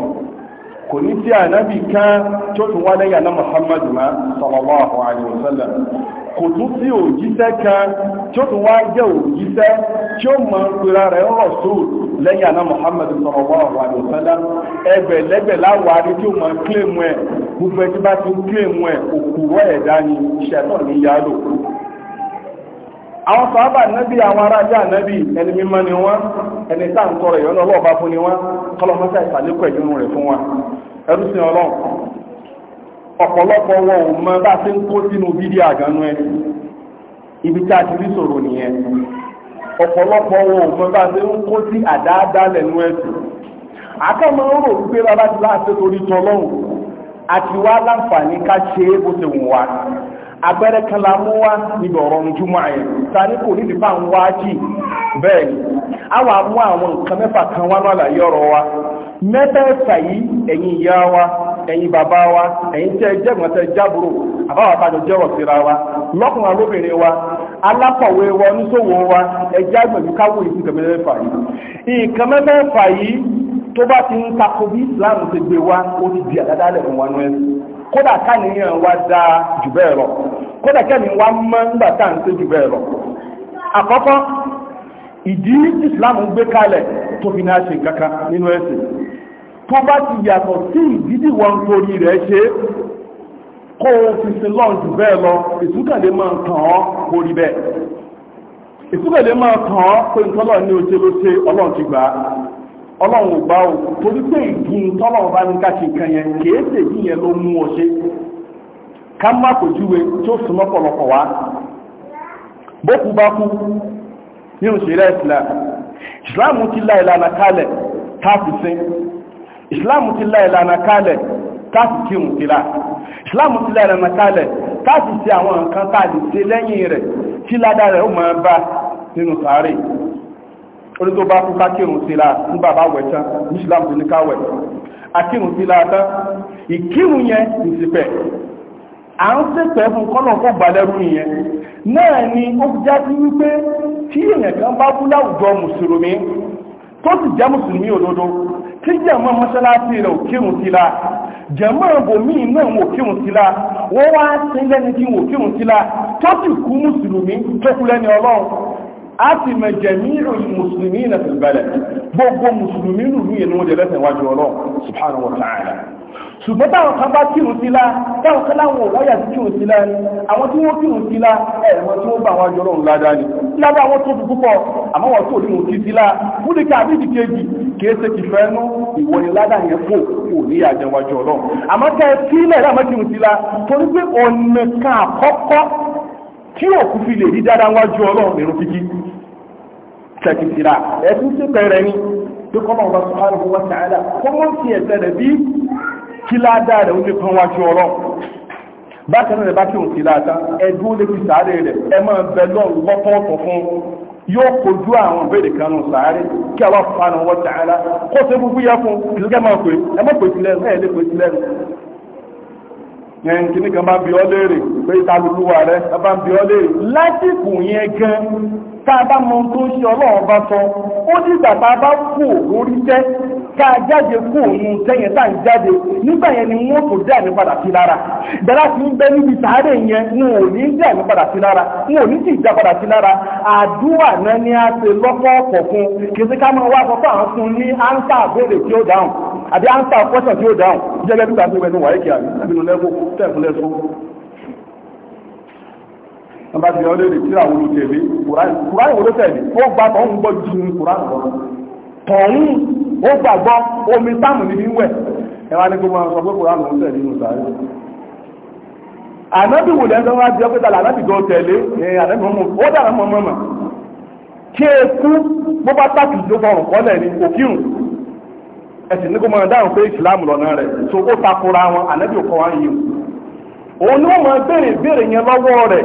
Speaker 2: kò ní sí ànábì kan tó tún wá lẹ́yìn àná muhammadu ma sallallahu alaihi wasallam kò tún sí òjíṣẹ́ kan tí ó tún wá jẹ́ òjíṣẹ́ tí ó mọ̀ pera rẹ̀ ń Rasul lẹ́yìn àná Muhammad sallallahu alaihi wasallam ẹgbẹ̀lẹ́gbẹ̀ láwárí tí ó mọ̀ kílèmù ẹ̀ gbogbo ẹtí bá ti kílèmù ẹ̀ òkúrọ̀ ẹ̀dá ni iṣẹ́ náà ní yálò àwọn sàábà nábì àwọn arájá nábì ẹni mímọ́ ni wọ́n ẹni tá ń tọrọ ọlọ́ọ̀bá fún ni wọ́n kọ́lọ́mọ́sá ìsàlékọ̀ ìdúnnú rẹ̀ fún wọn ẹrú sí ọ̀pọ̀lọpọ̀ wọn ò mọ bá ti ń kó sínú bídí àgánú ibi tí a ti rí sọ̀rọ̀ nìyẹn ọ̀pọ̀lọpọ̀ wọn ò bá ti ń kó sí àdáadáa lẹ́nu wípé bàbá ti láti torí la mú wá níbi ọ̀rọ̀ ta ní kò bá ń wá jì bẹ́ẹ̀ ni àwọn àwọn nǹkan mẹ́fà kan wá wa yìí ẹ̀yìn ìyá wa ẹ̀yin bàbá wa ẹ̀yin tẹ́ jẹ́gbọ́n tẹ́ jábúrò àbáwá jẹ́wọ̀ síra wa lọ́kùnrin alóbìnrin wa alákọ̀wé wa oníṣòwò wa ẹ̀jẹ̀ àgbẹ̀bí káwọ́ ìsìn kẹ̀mẹ́fà yìí nǹkan mẹ́fẹ̀ẹ̀fà yìí tó bá ti ń tako bí Islam wa ó ti di àdádálẹ̀ fún wa nú ẹ̀sìn kódà káníyàn wa dáa jù bẹ́ẹ̀ lọ kódà kẹ́mi Islam gbé kalẹ̀ tó fi náà tó bá ti yàtọ̀ sí ìdídì wọn torí rẹ̀ ṣe kó o fi sin lọ́n jù bẹ́ẹ̀ lọ ìtúkàlẹ̀ máa tàn ọ́ borí bẹ́ẹ̀ ìtúkàlẹ̀ máa tàn ọ́ pé ntọ́lọ̀ ní oṣe ló ṣe ọlọ́run ti gbà á ọlọ́run ò gbà ó torí pé ìdí ntọ́lọ́run bá ní ká ṣe yẹn kìí ṣe ìdí yẹn ló mú ọ ká má kò júwe tó súnmọ́ pọ̀lọpọ̀ wá bókú bá kú nínú ṣe rẹ̀ ìsìlá ti la ìlànà kalẹ̀ táàfù sin islamu ti lá ìlànà kalẹ̀ káàsì kí òun ti ti lá ìlànà kalẹ̀ káàsì sí àwọn nǹkan táàdì sí lẹ́yìn rẹ̀ tí ó máa bá nínú sàárè orí tó bá kú kákírùn sí láà ní bàbá wẹ̀ tán ní ìsìláàmù ti ní káwẹ̀ akírùn sí ni tó sì jẹ́ mùsùlùmí òdodo kí jẹ̀mọ́ mọ́ṣáláṣí rẹ̀ òkírun sí la jẹ̀mọ́ ìbòmíì náà wọn òkírun sí la wọ́n wá sí lẹ́ni tí wọn òkírun sí la tó sì kú mùsùlùmí tó kú lẹ́ni ọlọ́run a sì mọ jẹ̀mí mùsùlùmí náà fi bẹ̀rẹ̀ gbogbo mùsùlùmí nù ṣùgbọ́n táwọn kan bá kírun sí la táwọn kan láwọn ò wáyà sí kírun sí la àwọn tí wọ́n kírun sí la ẹ̀wọ̀n tí wọ́n bá wọn jọrọ̀ ń ládàá ni ládàá wọn tó dùn púpọ̀ àmọ́ wọn tó rí wọn kí sí la múlíkà àbíjì kejì kìí ṣe ti fẹ́ nú ìwọ ni ládàá yẹn fò kò ní àjẹwájú ọlọ́run àmọ́ tẹ́ ẹ sílẹ̀ láwọn kírun sí la torí pé ọ̀nà kan àkọ́kọ́ tí òkú fi lè rí dáadáa wájú ọlọ́run nínú kíkí tẹ̀kìtìlà ẹ̀sùn sí pẹ̀rẹ̀ ni pé kọ́mọ̀ ọba sọ̀rọ̀ wọ́n ti àdá kọ́mọ̀ sí ẹ̀sẹ̀ rẹ̀ bí kí ládàá rẹ̀ ó lè kan wájú ọlọ́run bákan náà bá kí òun sí ládàá ẹ̀dùn ó lè fi sáré rẹ̀ ẹ máa bẹ lọ́run lọ́tọ̀ọ̀tọ̀ fún yóò kojú àwọn ìbéèrè kan nù sáré kí àwọn fana wọ́n tààlà kó ṣe gbogbo yẹ fún ìṣẹ́gẹ́ máa pè é má pè sí lẹ́nu ẹ̀ lè pè sí lẹ́nu yẹn kìnnìkan bá ń bi ọ́ léèrè pé ìta lulú wa rẹ̀ bá ń bi ọ́ léèrè lásìkò yẹn gan tá a bá mọ tó ń ṣe ọlọ́run bá sọ ó ní ìgbà bá kú lórí tẹ́ ká jáde kú òun tẹ́yẹn tá ń jáde nígbà yẹn ni wọ́n kò dé àmì padà sí lára dára ti ń bẹ níbi sàárè yẹn wọn ò ní dé àmì padà sí lára wọn ò ní sì já padà sí lára àdúrà náà ni a ṣe lọ́pọ̀ ọ̀pọ̀ fún kì sí ká máa wá sọ àwọn fún ní áńsà àbẹ̀rẹ̀ tí ó dáhùn àbí áńsà kọ́sọ̀ tí ó dáhùn jẹ́gẹ́ bí wọ́n bá ti ọ́ léde tí àwọn olùtẹ̀lé kùránì wo ló tẹ̀lé ó gba tọ̀hún gbọ́ ju kùránì lọ tọ̀hún ó gbàgbọ́ omi táàmù ní wíwẹ̀ ẹ wá ní kó máa sọ pé kùránì ló tẹ̀lé nù sáré ànábì wò lẹ́nu wá di ọ́pẹ́ta lànábì gan tẹ̀lé ẹ̀ ànábì mọ́mọ́ ó dára mọ́mọ́ mà kí ẹ kú bó bá tàkì tó fọrùn kọ́lẹ̀ ní òkírùn ẹ̀sìn ní kó máa dáhùn pé ìsìlámù lọ́nà rẹ̀ so ó takora wọn ànábì ò kọ́ wá yìí òun ni wọ́n máa béèrè béèrè yẹn lọ́wọ́ rẹ̀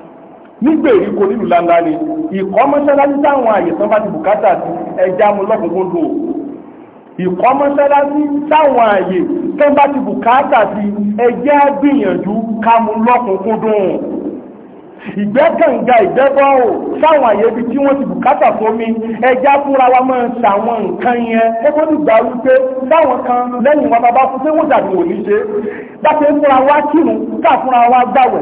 Speaker 2: nígbèríko nílùú lánlá ni ìkọ́ mọ́ṣáláṣí táwọn àyè tán bá ti bùkátà sí ẹja mu lọ́kùnkúndùn ìkọ́ mọ́ṣáláṣí táwọn àyè tán bá ti bùkátà sí ẹja gbìyànjú ká mu lọ́kùnkúndùn ìgbẹ́kànga ìgbẹ́bọ́rò sáwọn àyèbí tí wọ́n ti bùkátà fómi ẹja fúnra wa máa ń sàwọn nǹkan yẹn kókó nígbà wípé sáwọn kan lẹ́yìn wa bàbá fún pé wọ́n dàbí wò ní ṣe fúnra wa kírun káà wa gbàwẹ̀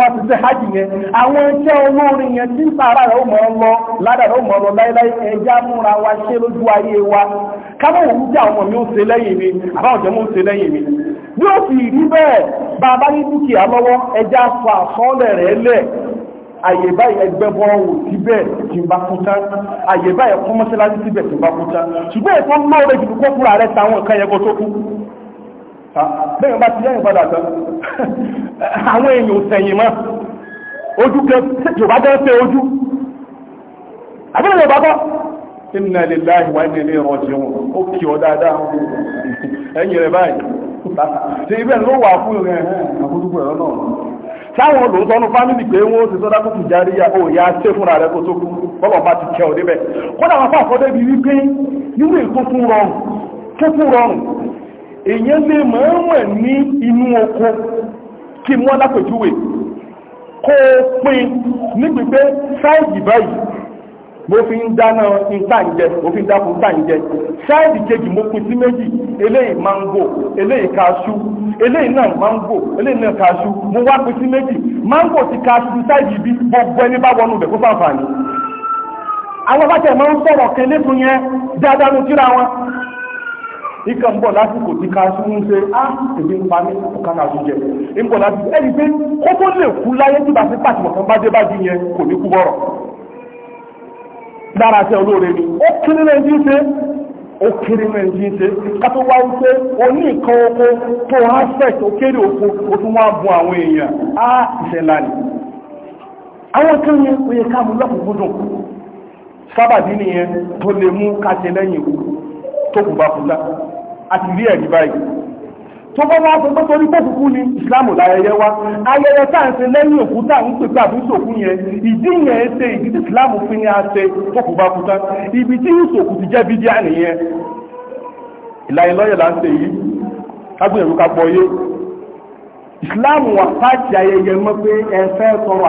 Speaker 2: wa ti ṣe hajj yẹn àwọn iṣẹ́ olórin yẹn tí ara rẹ̀ ó mọ̀ ọ́ lọ ládàá rẹ̀ ó mọ̀ lọ láíláí wa ṣe lójú ayé wa ọmọ mi ó ṣe lẹ́yìn mi bí ó sì rí bẹ́ẹ̀ bàbá ní dúkìá lọ́wọ́ ẹja sọ àsọ́ọ̀lẹ̀ rẹ̀ lẹ̀ àyè báyìí ẹgbẹ́ bọ́rọ̀ wò síbẹ̀ tí n bá kú tán àyè báyìí ẹ̀kọ́ mọ́ṣáláṣí síbẹ̀ tí n bá kú tán ṣùgbọ́n ìfọ́n náà rẹ̀ jù kó fúnra rẹ̀ táwọn nǹkan yẹn kó tó kú bẹ́ẹ̀ bá ti lẹ́yìn padà tán *laughs* àwọn èèyàn sẹ̀yìn mọ́ ojú kan yorùbá tẹ́ *laughs* rẹ̀ báyìí ṣe ibẹ̀ ló wà fún rẹ̀ àbúrúkú ẹ̀rọ náà sáwọn olóòtọ́nu fámìlì pé wọ́n ti sọ́dá kùtù járí òòyà ṣe fúnra rẹ̀ kó tó kú bọ́lọ̀ bá ti kẹ́ òdébẹ̀ kódà wọn fàfọ́ débi wípé irú èkó tún rọrùn tó tún rọrùn èèyàn lè mọ̀ọ́mọ̀ ní inú oko kí mọ́ lápẹ̀júwe kó pin ní sáìdì báyìí mo fi ń dáná ntàǹjẹ mo fi ń dáko ntàǹjẹ ṣáìdì kejì mo pin sí méjì eléyìí mango eléyìí kaṣu eléyìí náà mango eléyìí náà kaṣu mo wá pin sí méjì mango ti kaṣu ṣáìdì bí gbogbo ẹni bá wọnú rẹ̀ kó fàǹfààní.
Speaker 1: àwọn abájẹ́ máa ń sọ̀rọ̀ kan lẹ́kùn yẹn dáadáa ló kíra wọn.
Speaker 2: ikọ̀ ń bọ̀ lásìkò tí kaṣu ń ṣe á èmi ń pa mí ọ̀ká kaṣu jẹ dára sí olóore ni ó kiri náà jí ṣe ó kiri náà jí ṣe kátó wá ń pé o nǹkan oko tó aspect ó kéré oko ó tún wá bu àwọn èèyàn á ìṣẹ̀lá ni àwọn kan yẹn ó ká mú lọ́kùnkúndùn sábàbí nìyẹn tó lè mú lẹ́yìn tó kù bá rí ẹ̀rí tó bá wá sọ pé torí pẹ́kùkú ni ìsìláàmù láyẹyẹ wa ayẹyẹ tá à ń ṣe lẹ́yìn òkú tá à ń pè pé yẹn ìdí yẹn ìdí ìsìláàmù fi ní àṣẹ tókù ibi tí ìṣòkú ti jẹ́ bídíà nìyẹn ìlàyẹlọ́yẹ̀ là ń ṣe yìí kágbìyànjú ká gbọ́ yé ìsìláàmù àtàkì ayẹyẹ mọ́ pé ẹ tọrọ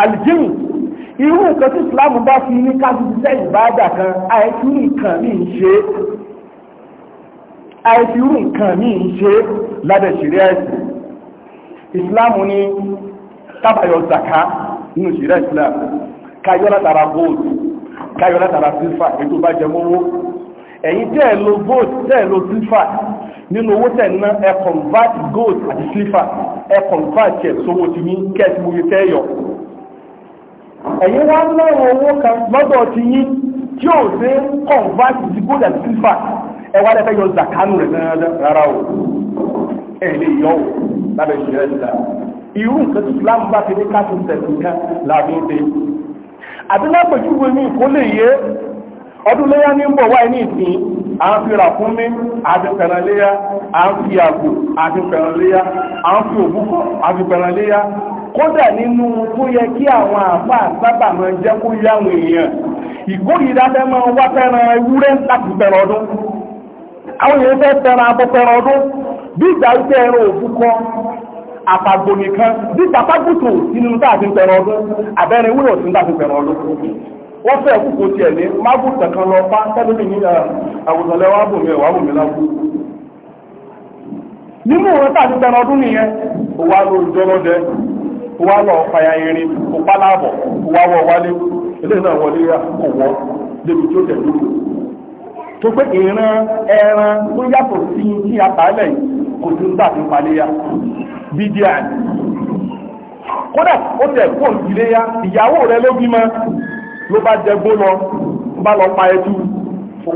Speaker 2: àlìjínì irú nǹkan tí islam bá fi ní káfíńsẹ́ ìbáàdà kan àìsí nǹkan ní ṣe àìsí irú nǹkan ní ṣe lábẹ́ ṣìrí ẹ̀sìn islam ní tábàyọ̀ zaka nínú ṣìrí islam káyọ́ látara gold káyọ́ látara sífà ètò bá jẹ mọ́wọ́ ẹ̀yin tẹ́ ẹ̀ lo gold tẹ́ ẹ̀ lo sífà nínú owó tẹ̀ ná ẹ̀ convert gold àti sífà ẹ̀ convert ẹ̀ sówó ti ní kẹ́ẹ̀tì mú yẹ tẹ́ yọ ẹ̀yin wá lọ́wọ́ owó kan lọ́dọ̀ ti yín tí lẹ́fẹ́ yọ o ẹ yọ o lábẹ́ irú nǹkan tó bá ti ní káàtó tẹ̀sán kan láàbí dé àti lápẹ̀júwe ní ìkólé yé ọdún léyá ní bọ̀ wáyé ní ìsìn à ń fi àti à ń fi àgbò àti à kódà nínú tó yẹ kí àwọn àpá àsábà máa jẹ́ kó èèyàn ìgbóyìnlá fẹ́ máa wá fẹ́ràn ewúrẹ́ láti bẹ̀rẹ̀ ọdún àwọn èèyàn fẹ́ fẹ́ràn ọdún bí ìgbà àpàgbò nìkan bí táàfin ọdún ọdún wọ́n fẹ́ ní kan lọ pa tẹ́lẹ̀mì ní wà bùnmi ẹ̀wà bùnmi láwù nínú òun táàfin kó lọ irin kó pálábọ̀ wọ wálé eléyìí wọlé kò wọ́ tí ó tẹ̀ tó pé ìran ẹran tó yàtọ̀ sí ní àtàlẹ̀ kò tí ń tàbí paléyà bídíà kódà ó tẹ̀ kó ya ìyàwó rẹ ló bímọ ló bá jẹgbó lọ bá lọ pa ẹjú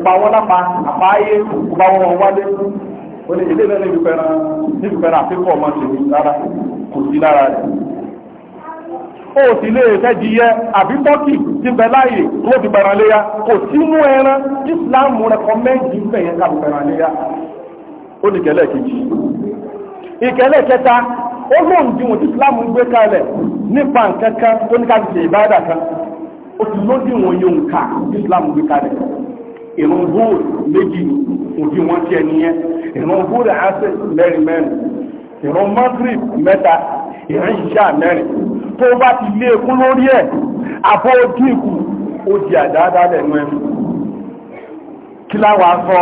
Speaker 2: kò wọn lápa àpáyé o sì lè fẹ́jì yẹ àbí tọ́kì ti bẹ láàyè tó ti bẹ̀rẹ̀ léyà kò sínú ẹran Islam rẹkọmẹ́ǹdì ń bẹ̀yẹn ká bẹ̀rẹ̀ léyà ó ní kẹlẹ́ kejì ìkẹlẹ́ kẹta ó lóun di wọn tí Islam gbé kalẹ̀ nípa nǹkan kan tó ní ká ti ṣe ìbáàdà kan ó ti lódì wọn yóò ń ka Islam gbé kalẹ̀ ìrun bóòlù méjì òdi wọn tiẹ̀ nìyẹn ìrun bóòlù àṣẹ mẹ́rin mẹ́rin ìrun magrib mẹ́ta ìrun ìṣá mẹ́rin tó bá ti lé ekún lórí ẹ̀ àbọ̀ ojú ìkù ó di àdáadáa lẹ́nu ẹnu kí láwàá sọ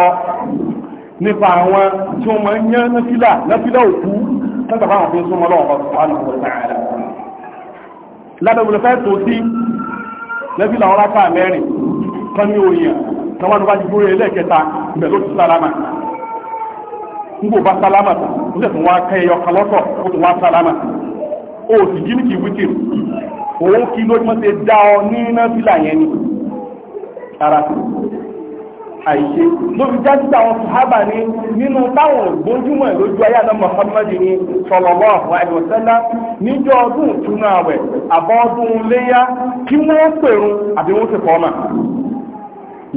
Speaker 2: nípa àwọn tí wọ́n máa ń yán náfílà náfílà òkú tẹ́tà fáwọn fi ń súnmọ́ lọ́wọ́ ọ̀pọ̀ sùpánù ọ̀pọ̀lọpọ̀ lábẹ́gbẹ̀rẹ̀ fẹ́ tó sí náfílà ọ̀rá fà mẹ́rin kan ní òyìn tọwọ́n tó bá ti gbóyè lẹ́ẹ̀kẹta ibẹ̀ ló ti sálámà ń gbò bá sálámà tó tẹ̀ tó wá kẹ́ ẹyọ kan lọ́tọ̀ ó tó wá o sì jí ní kì wítìrì òun kí lójúmọ́ ṣe dá ọ ní náfìlà yẹn ni ara àìṣe ló fi jáde tí àwọn sùhábà ní nínú táwọn ògbójúmọ̀ lójú ayé àná Muhammad ní sallallahu alaihi wasallam níjọ́ ọdún ìtúnú àwẹ̀ àbọ̀ ọdún léyá kí wọ́n pèrún àbí wọ́n ti fọ́ọ̀mà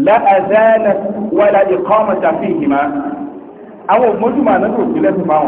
Speaker 2: lẹ́ẹ̀ẹ́dẹ́ẹ̀nẹ̀ wala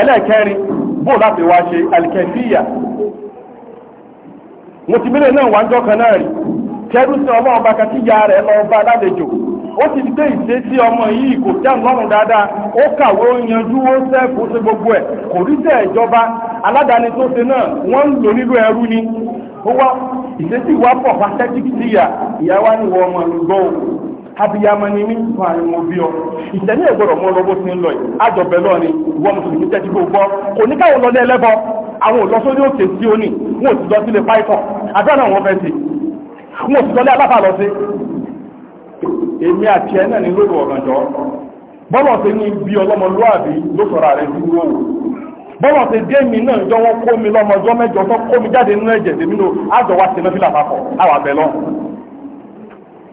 Speaker 2: ẹlẹ́ẹ̀kẹrin bó láti wá ṣe alkẹfíyà mo ti mílẹ̀ náà wá ń jọ́ kan náà rí kẹrù sí ọmọ ọba kàtíyà rẹ̀ lọ bá lálejò ó ti dé ìṣe sí ọmọ yìí kò já lọ́rùn dáadáa ó kàwé ó yanjú ó sẹ́ẹ̀kù ṣe gbogbo ẹ̀ kò rí sẹ́ ìjọba aládàáni tó ṣe náà wọ́n ń lò nílò ẹrú ni ó wá ìṣesí wa pọ̀ pàṣẹ kíkìlíyà ìyá wa ni wọ́n mọ̀ abiyamọ ni mí fún àrùn mo bí ọ ìtẹ̀lé ìgbọ́dọ̀ mọ́ lọ́wọ́ sí ń lọ yìí àjọbẹ̀ lọ ni ìwọ mùsùlùmí tẹ́tí kó gbọ́ kò ní káwọn lọ ní ẹlẹ́bọ àwọn òlọ sórí òkè sí ó ní wọn ò sì lọ sílé python àdúrà náà wọn fẹ́ sí wọn ò sì lọ ní alábà lọ sí èmi àti ẹ náà ní lóru ọ̀gànjọ́ bọ́lọ̀ sí ní bí ọlọ́mọlúwàbí ló sọ̀rọ̀ rẹ̀ sí wúwo bọ́lọ̀ sí dé mi náà jọ wọ́n kó mi lọ́mọjọ́ mẹ́jọ tó kó mi jáde nínú ẹ̀jẹ̀ tèmi náà sí náà fílà papọ̀ àwàbẹ̀ lọ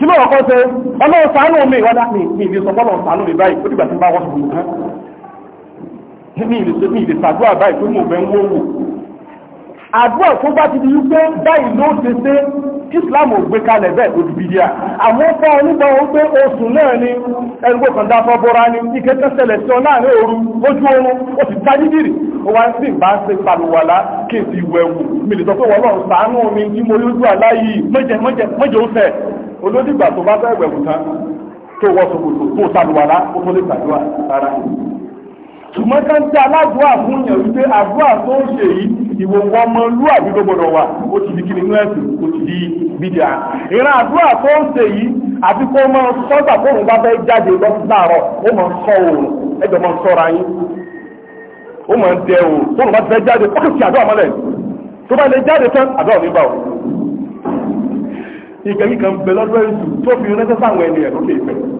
Speaker 2: kí ló ọkọ ṣe ọlọ́run ṣàánú mi ìwádà mi mi ìlú sọ fọlọ́run ṣàánú mi báyìí ó dìgbà tí ń bá wọ́n sùn mi ìlú mi ìlú sàdúrà báyìí pé mo fẹ́ ń wó wò àdúrà tó bá ti di wípé báyìí ló ṣe ṣe Islam ò gbé kalẹ̀ bẹ́ẹ̀ olùbídíà àmọ́ fọ́ nígbà wọn pé oṣù náà ni ẹnugbó kan dá ni ike kan ṣẹlẹ̀ sí ọ láàrin òru ojú oorun ó sì tá nídìrì ó wá ń sìn bá ń ṣe palùwàlá kí n ti wẹ̀ wọ́n lọ́run mo lójú aláyìí mẹ́jẹ mẹ́jẹ mẹ́jẹ ó fẹ́ olódìgbà tó bá fẹ́ wẹ̀ wù tán tó wọ́ sọ̀kòtò tó ṣàlùwàlá ó tó ṣùgbọ́n ká ń tẹ́ aládùúrà fún yàn wípé àdúrà tó ń ṣe yìí ìwò wọn mọ lú àbí tó gbọdọ̀ wà ó ti di kíni nọ́ọ̀sì ó ti di bídíà ìran àdúrà tó ń ṣe yìí àbí kó mọ sọ́gbà fóònù bá fẹ́ jáde lọ láàárọ̀ ó mọ sọ òòrùn ẹjọ́ mọ sọ́ra yín ó o ìgbẹ́yìn kan bẹ lọ́dún ẹ̀sùn tó fi rẹ́sẹ̀ sáwọn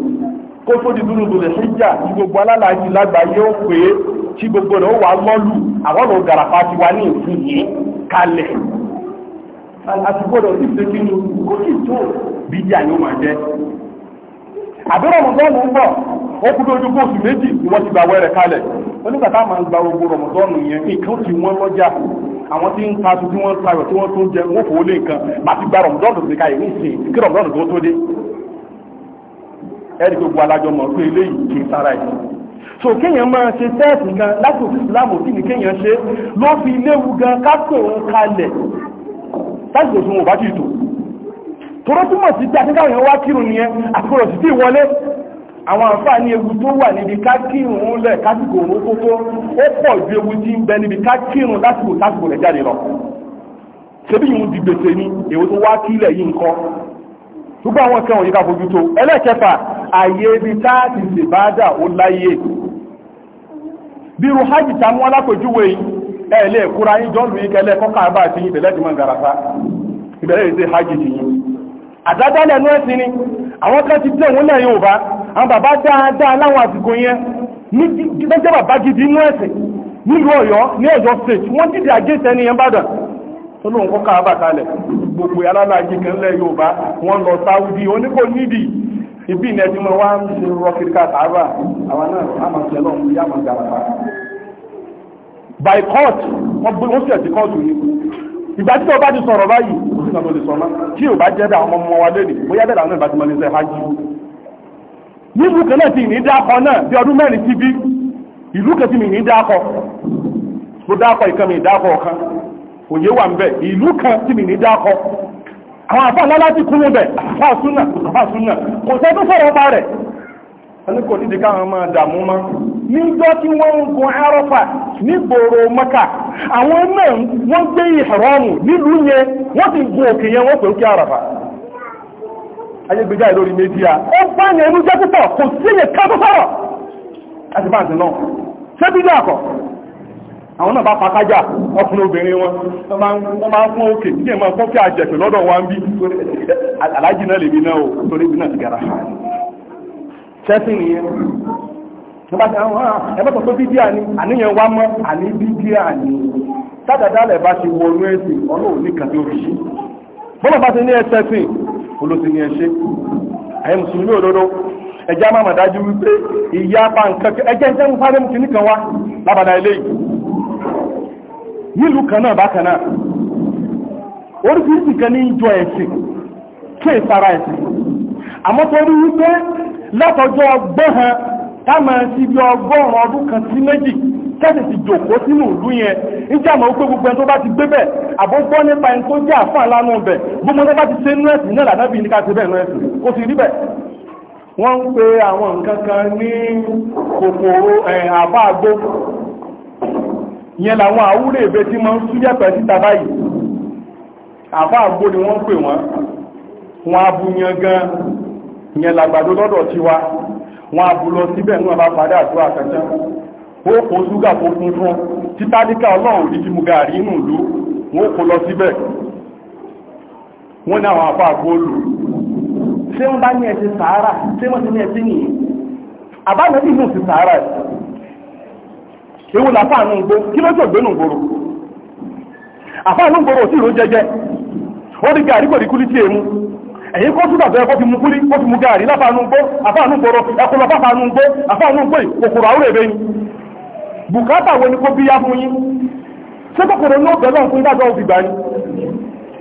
Speaker 2: kó tó di dúró lòlẹ̀ ṣíjà tí gbogbo alálàájì lágbàáyé ó pé tí gbogbo rẹ̀ ó wà lọ́lù àwọn ọ̀nà ògàràpá ti wà ní ìfún yìí kalẹ̀ àti gbọ́dọ̀ sí ìfẹ́ kí ni kò sí tó bíjà yóò máa jẹ́ àbúrò rọmọdọ́nù ń bọ̀ ó kú tó ojúkó oṣù méjì ni wọ́n ti gbà wẹ́rẹ̀ tá máa ń gba gbogbo rọmọdọ́nù yẹn nǹkan ti wọ́n lọ́jà àwọn tí ń taṣu tí wọ́n ń tayọ̀ tí wọ́n tó ń jẹ wọ́n fòó lé nǹkan bá ti gba rọmọdọ́nù sí káyè ní ìsìn kí rọmọdọ́nù tó tó dé ẹ̀rí gbogbo alájọ mọ̀ pé eléyìí kì sára ẹ̀ so kéèyàn máa ṣe tẹ́ẹ̀sì gan láti òfin ìsìláàmù kí ni kéèyàn ṣe ló fi léwu gan kápẹ́ òun kalẹ̀ láti òfin wọn bá ti tò tòró túmọ̀ sí pé akẹ́kọ̀ọ́ yẹn wá kírun nìyẹn àkókò sì ti wọlé àwọn àǹfààní ewu tó wà níbi ká kírun lẹ̀ kásìkò òun kókó ó pọ̀ ju ewu tí ń bẹ níbi ká kírun lásìkò lásìkò rẹ̀ jáde lọ ṣebí yìí ń di gbèsè ni èwo tó wá kílẹ̀ yìí ń kọ́ gbogbo àwọn kan wọ̀nyí ká fojú tó ẹlẹ́kẹfà àyè ibi táàtì sì ó láyé bírú hajj tá mú alákòjúwe ẹ̀ lè kúra yín jọ́ọ̀lù kẹlẹ́ kọ́kà bá ti yín bẹ̀lẹ́ hajj yìí lẹ́nu ẹ̀sìn ni àwọn kan ti dé òun náà yóò bá àwọn bàbá dáadáa àsìkò yẹn bàbá gidi inú ẹ̀sìn nílùú ọ̀yọ́ ní ọ̀yọ́ state wọ́n gbogbo ibi ìnẹ́jú mọ́ wá ń ṣe rọ tààrà àwọn náà a ma ṣe lọ́wọ́ by court wọ́n gbé wọ́n sì court yìí ìgbà tí ọba ti sọ̀rọ̀ báyìí kò sí ìgbàlódé sọ̀rọ̀ tí ò bá ọmọ wa lónìí bóyá bẹ́ẹ̀ làwọn ìbátan mọ́lẹ́sẹ̀ hajj nílùú kan náà ti ìní dákọ náà bí ọdún ti bí ìlú kan ti mi dákọ mo dákọ ìdákọ òye wà ń bẹ ìlú kan ti mi àwọn àfáà lálá ti kúrò bẹ̀ àfáà kò sẹ́ tó sọ̀rọ̀ bá rẹ̀ ẹni kò nídìí káwọn máa dààmú mọ́ níjọ́ tí wọ́n ń gun arọ́fà nígboro àwọn náà wọ́n gbé ìhàrọ́mù nílùú wọ́n ti òkè yẹn wọ́n àwọn náà bá fakájà ọkùnrin obìnrin wọn wọ́n máa fún òkè nígbà máa fọ́kí àjẹ̀pẹ̀ lọ́dọ̀ wa ń bí náà lèmi náà ò torí ibi náà ti gara ṣẹ́sìn nìyẹn nígbàtí àwọn ah, ẹgbẹ́tọ̀ tó bídíà ni àníyàn wá mọ́ àní ni tádàdálẹ̀ bá ti wọnú ẹ̀sìn ọlọ́run nìkan bọ́lá bá ti ní olóṣì mùsùlùmí òdodo dájú wípé ìyá nǹkan ẹjẹ́ ń wá nílùú kan náà bákan náà oríṣiríṣi kan ní ìjọ ẹ̀sìn kí ìsara ẹ̀sìn àmọ́ wípé látọjọ́ gbọ́hàn táàmà sí ibi ọgọ́rùn ọdún kan sí méjì tẹ́sì ti jòkó sínú ìlú yẹn níjẹ́ gbogbo ẹni tó bá ti gbé bẹ̀ nípa ẹni tó jẹ́ àfáà lánàá bẹ̀ pe àwọn nǹkan kan ní kòkòrò ìyẹn làwọn àwúrẹ̀ ìbẹ́ tí máa ń súyẹ̀pẹ̀ síta báyìí àfá àgbò ni wọ́n pè wọ́n wọ́n abúyan gan ìyẹn làgbàdo lọ́dọ̀ tí wa wọ́n abú lọ síbẹ̀ ní ọba padà àtó àkàtàn ó kó ṣúgà kó fún fún títádíkà ọlọ́run ní ti mú gàrí inú ìlú wọ́n kó lọ síbẹ̀ wọ́n ní àwọn àfá àgbò lù ṣé wọ́n bá ewu na àánú gbó kí ló tó gbénú gbòòrò àfà àánú gbòòrò sí ìró jẹjẹ wọ́n di gàrí pẹ̀lú kúlí tí èmu ẹ̀yìn kó túbà bẹ́ẹ̀ kó fi mu kúlí kó fi mu gàrí láfà ni kó bí yá fún yín ṣé kòkòrò ní ni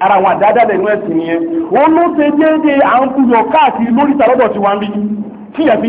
Speaker 2: ara àwọn àdáadáa lẹ́nu ẹ̀sìn nìyẹn wọn ló ṣe déédéé à káàkiri lórí ìtàlọ́dọ̀ tí wọ́n ń rí tíyẹ̀ fi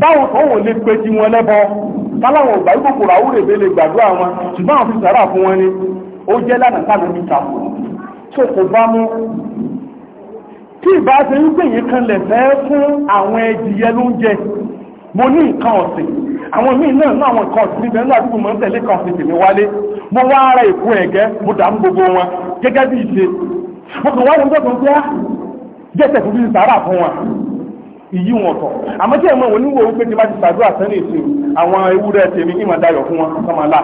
Speaker 2: báwọn kan wò lè pe ti wọn lẹ́bọ táwọn ògbà yìí kòkòrò àwúrè bẹ́ẹ̀ lè gbàdúrà wọn ṣùgbọ́n àwọn fi sàrà fún wọn ni ó jẹ́ lánàá sáà lórí ìtàkù tó kò bá mú tí ìbá ṣe ń pè yìí kan lẹ̀ fẹ́ fún àwọn ẹdìyẹ lóúnjẹ mo ní nǹkan ọ̀sìn àwọn míì náà ní àwọn nǹkan ọ̀sìn níbẹ̀ nínú àdúgbò mọ̀ ń tẹ̀lé kan ọ̀sìn tèmi wálé mo wá ara ìkú ẹ̀gẹ́ mo dàmú gbogbo wọn gẹ́gẹ́ bí ìṣe mo kàn wá lóun tó tó ń pẹ́ jẹ́sẹ̀ fún bí sàrà fún wọn ìyí wọn kọ̀ àmọ́ tí ẹ̀mọ́ wọn níwò wípé tí bá ti ṣàdúrà sẹ́lẹ̀ sí àwọn ewúrẹ́ tèmi kí máa dayọ̀ fún wọn kọ́ máa là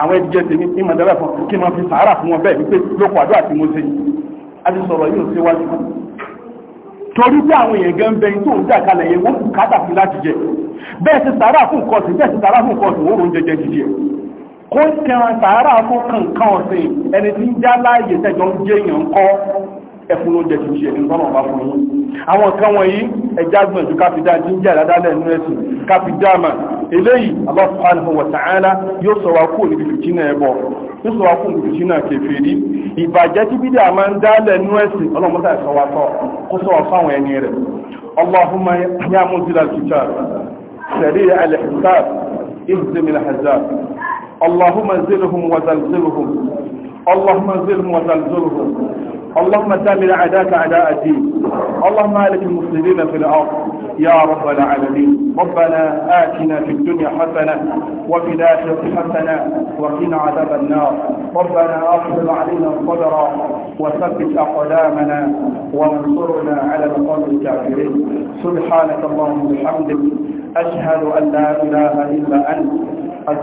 Speaker 2: àwọn ẹdíjẹ tèmi kí máa dayọ̀ fún kí máa fi sàárà fún wọn bẹ́ẹ̀ wípé lóko àdúrà tí mo ṣe a ti sọ̀rọ̀ yóò ṣe wájú torí pé àwọn èèyàn gan bẹni tó ń jà kalẹ̀ yẹn wọ́n kù kátà sí láti jẹ bẹ́ẹ̀ ti sàárà fún nǹkan ọ̀sìn bẹ́ẹ̀ ti sàárà fún nǹkan ọ̀sìn wọ́n oúnjẹ jẹ jíjẹ kó kẹran sàárà fún kankan ọ̀sìn ẹni tí ń já láàyè tẹjọ ń jẹ èèyàn kọ́ ẹkùn ló jẹ kìí ṣe ẹni tọ́nà bá fún yín àwọn nǹkan wọ̀nyí ẹja gbọ̀njú káfíńdà jíjà dáadáa nínú ẹ̀sìn káfíńdà mà eléyìí Allah subhanahu wa ta'ala yóò sọ wá kúrò níbi fìtínà ẹbọ yóò sọ wá kúrò níbi fìtínà kèfèrí ìbàjẹ́ tí bídà máa ń dálẹ̀ nínú ẹ̀sìn ọlọ́mọdé اللهم سامل عداك عداء الدين اللهم مالك المسلمين في الأرض يا رب العالمين ربنا آتنا في الدنيا حسنة وفي الآخرة حسنة وقنا عذاب النار ربنا أفضل علينا القدر وثبت أقدامنا وانصرنا على القوم
Speaker 1: الكافرين سبحانك اللهم وبحمدك أشهد أن لا إله إلا أنت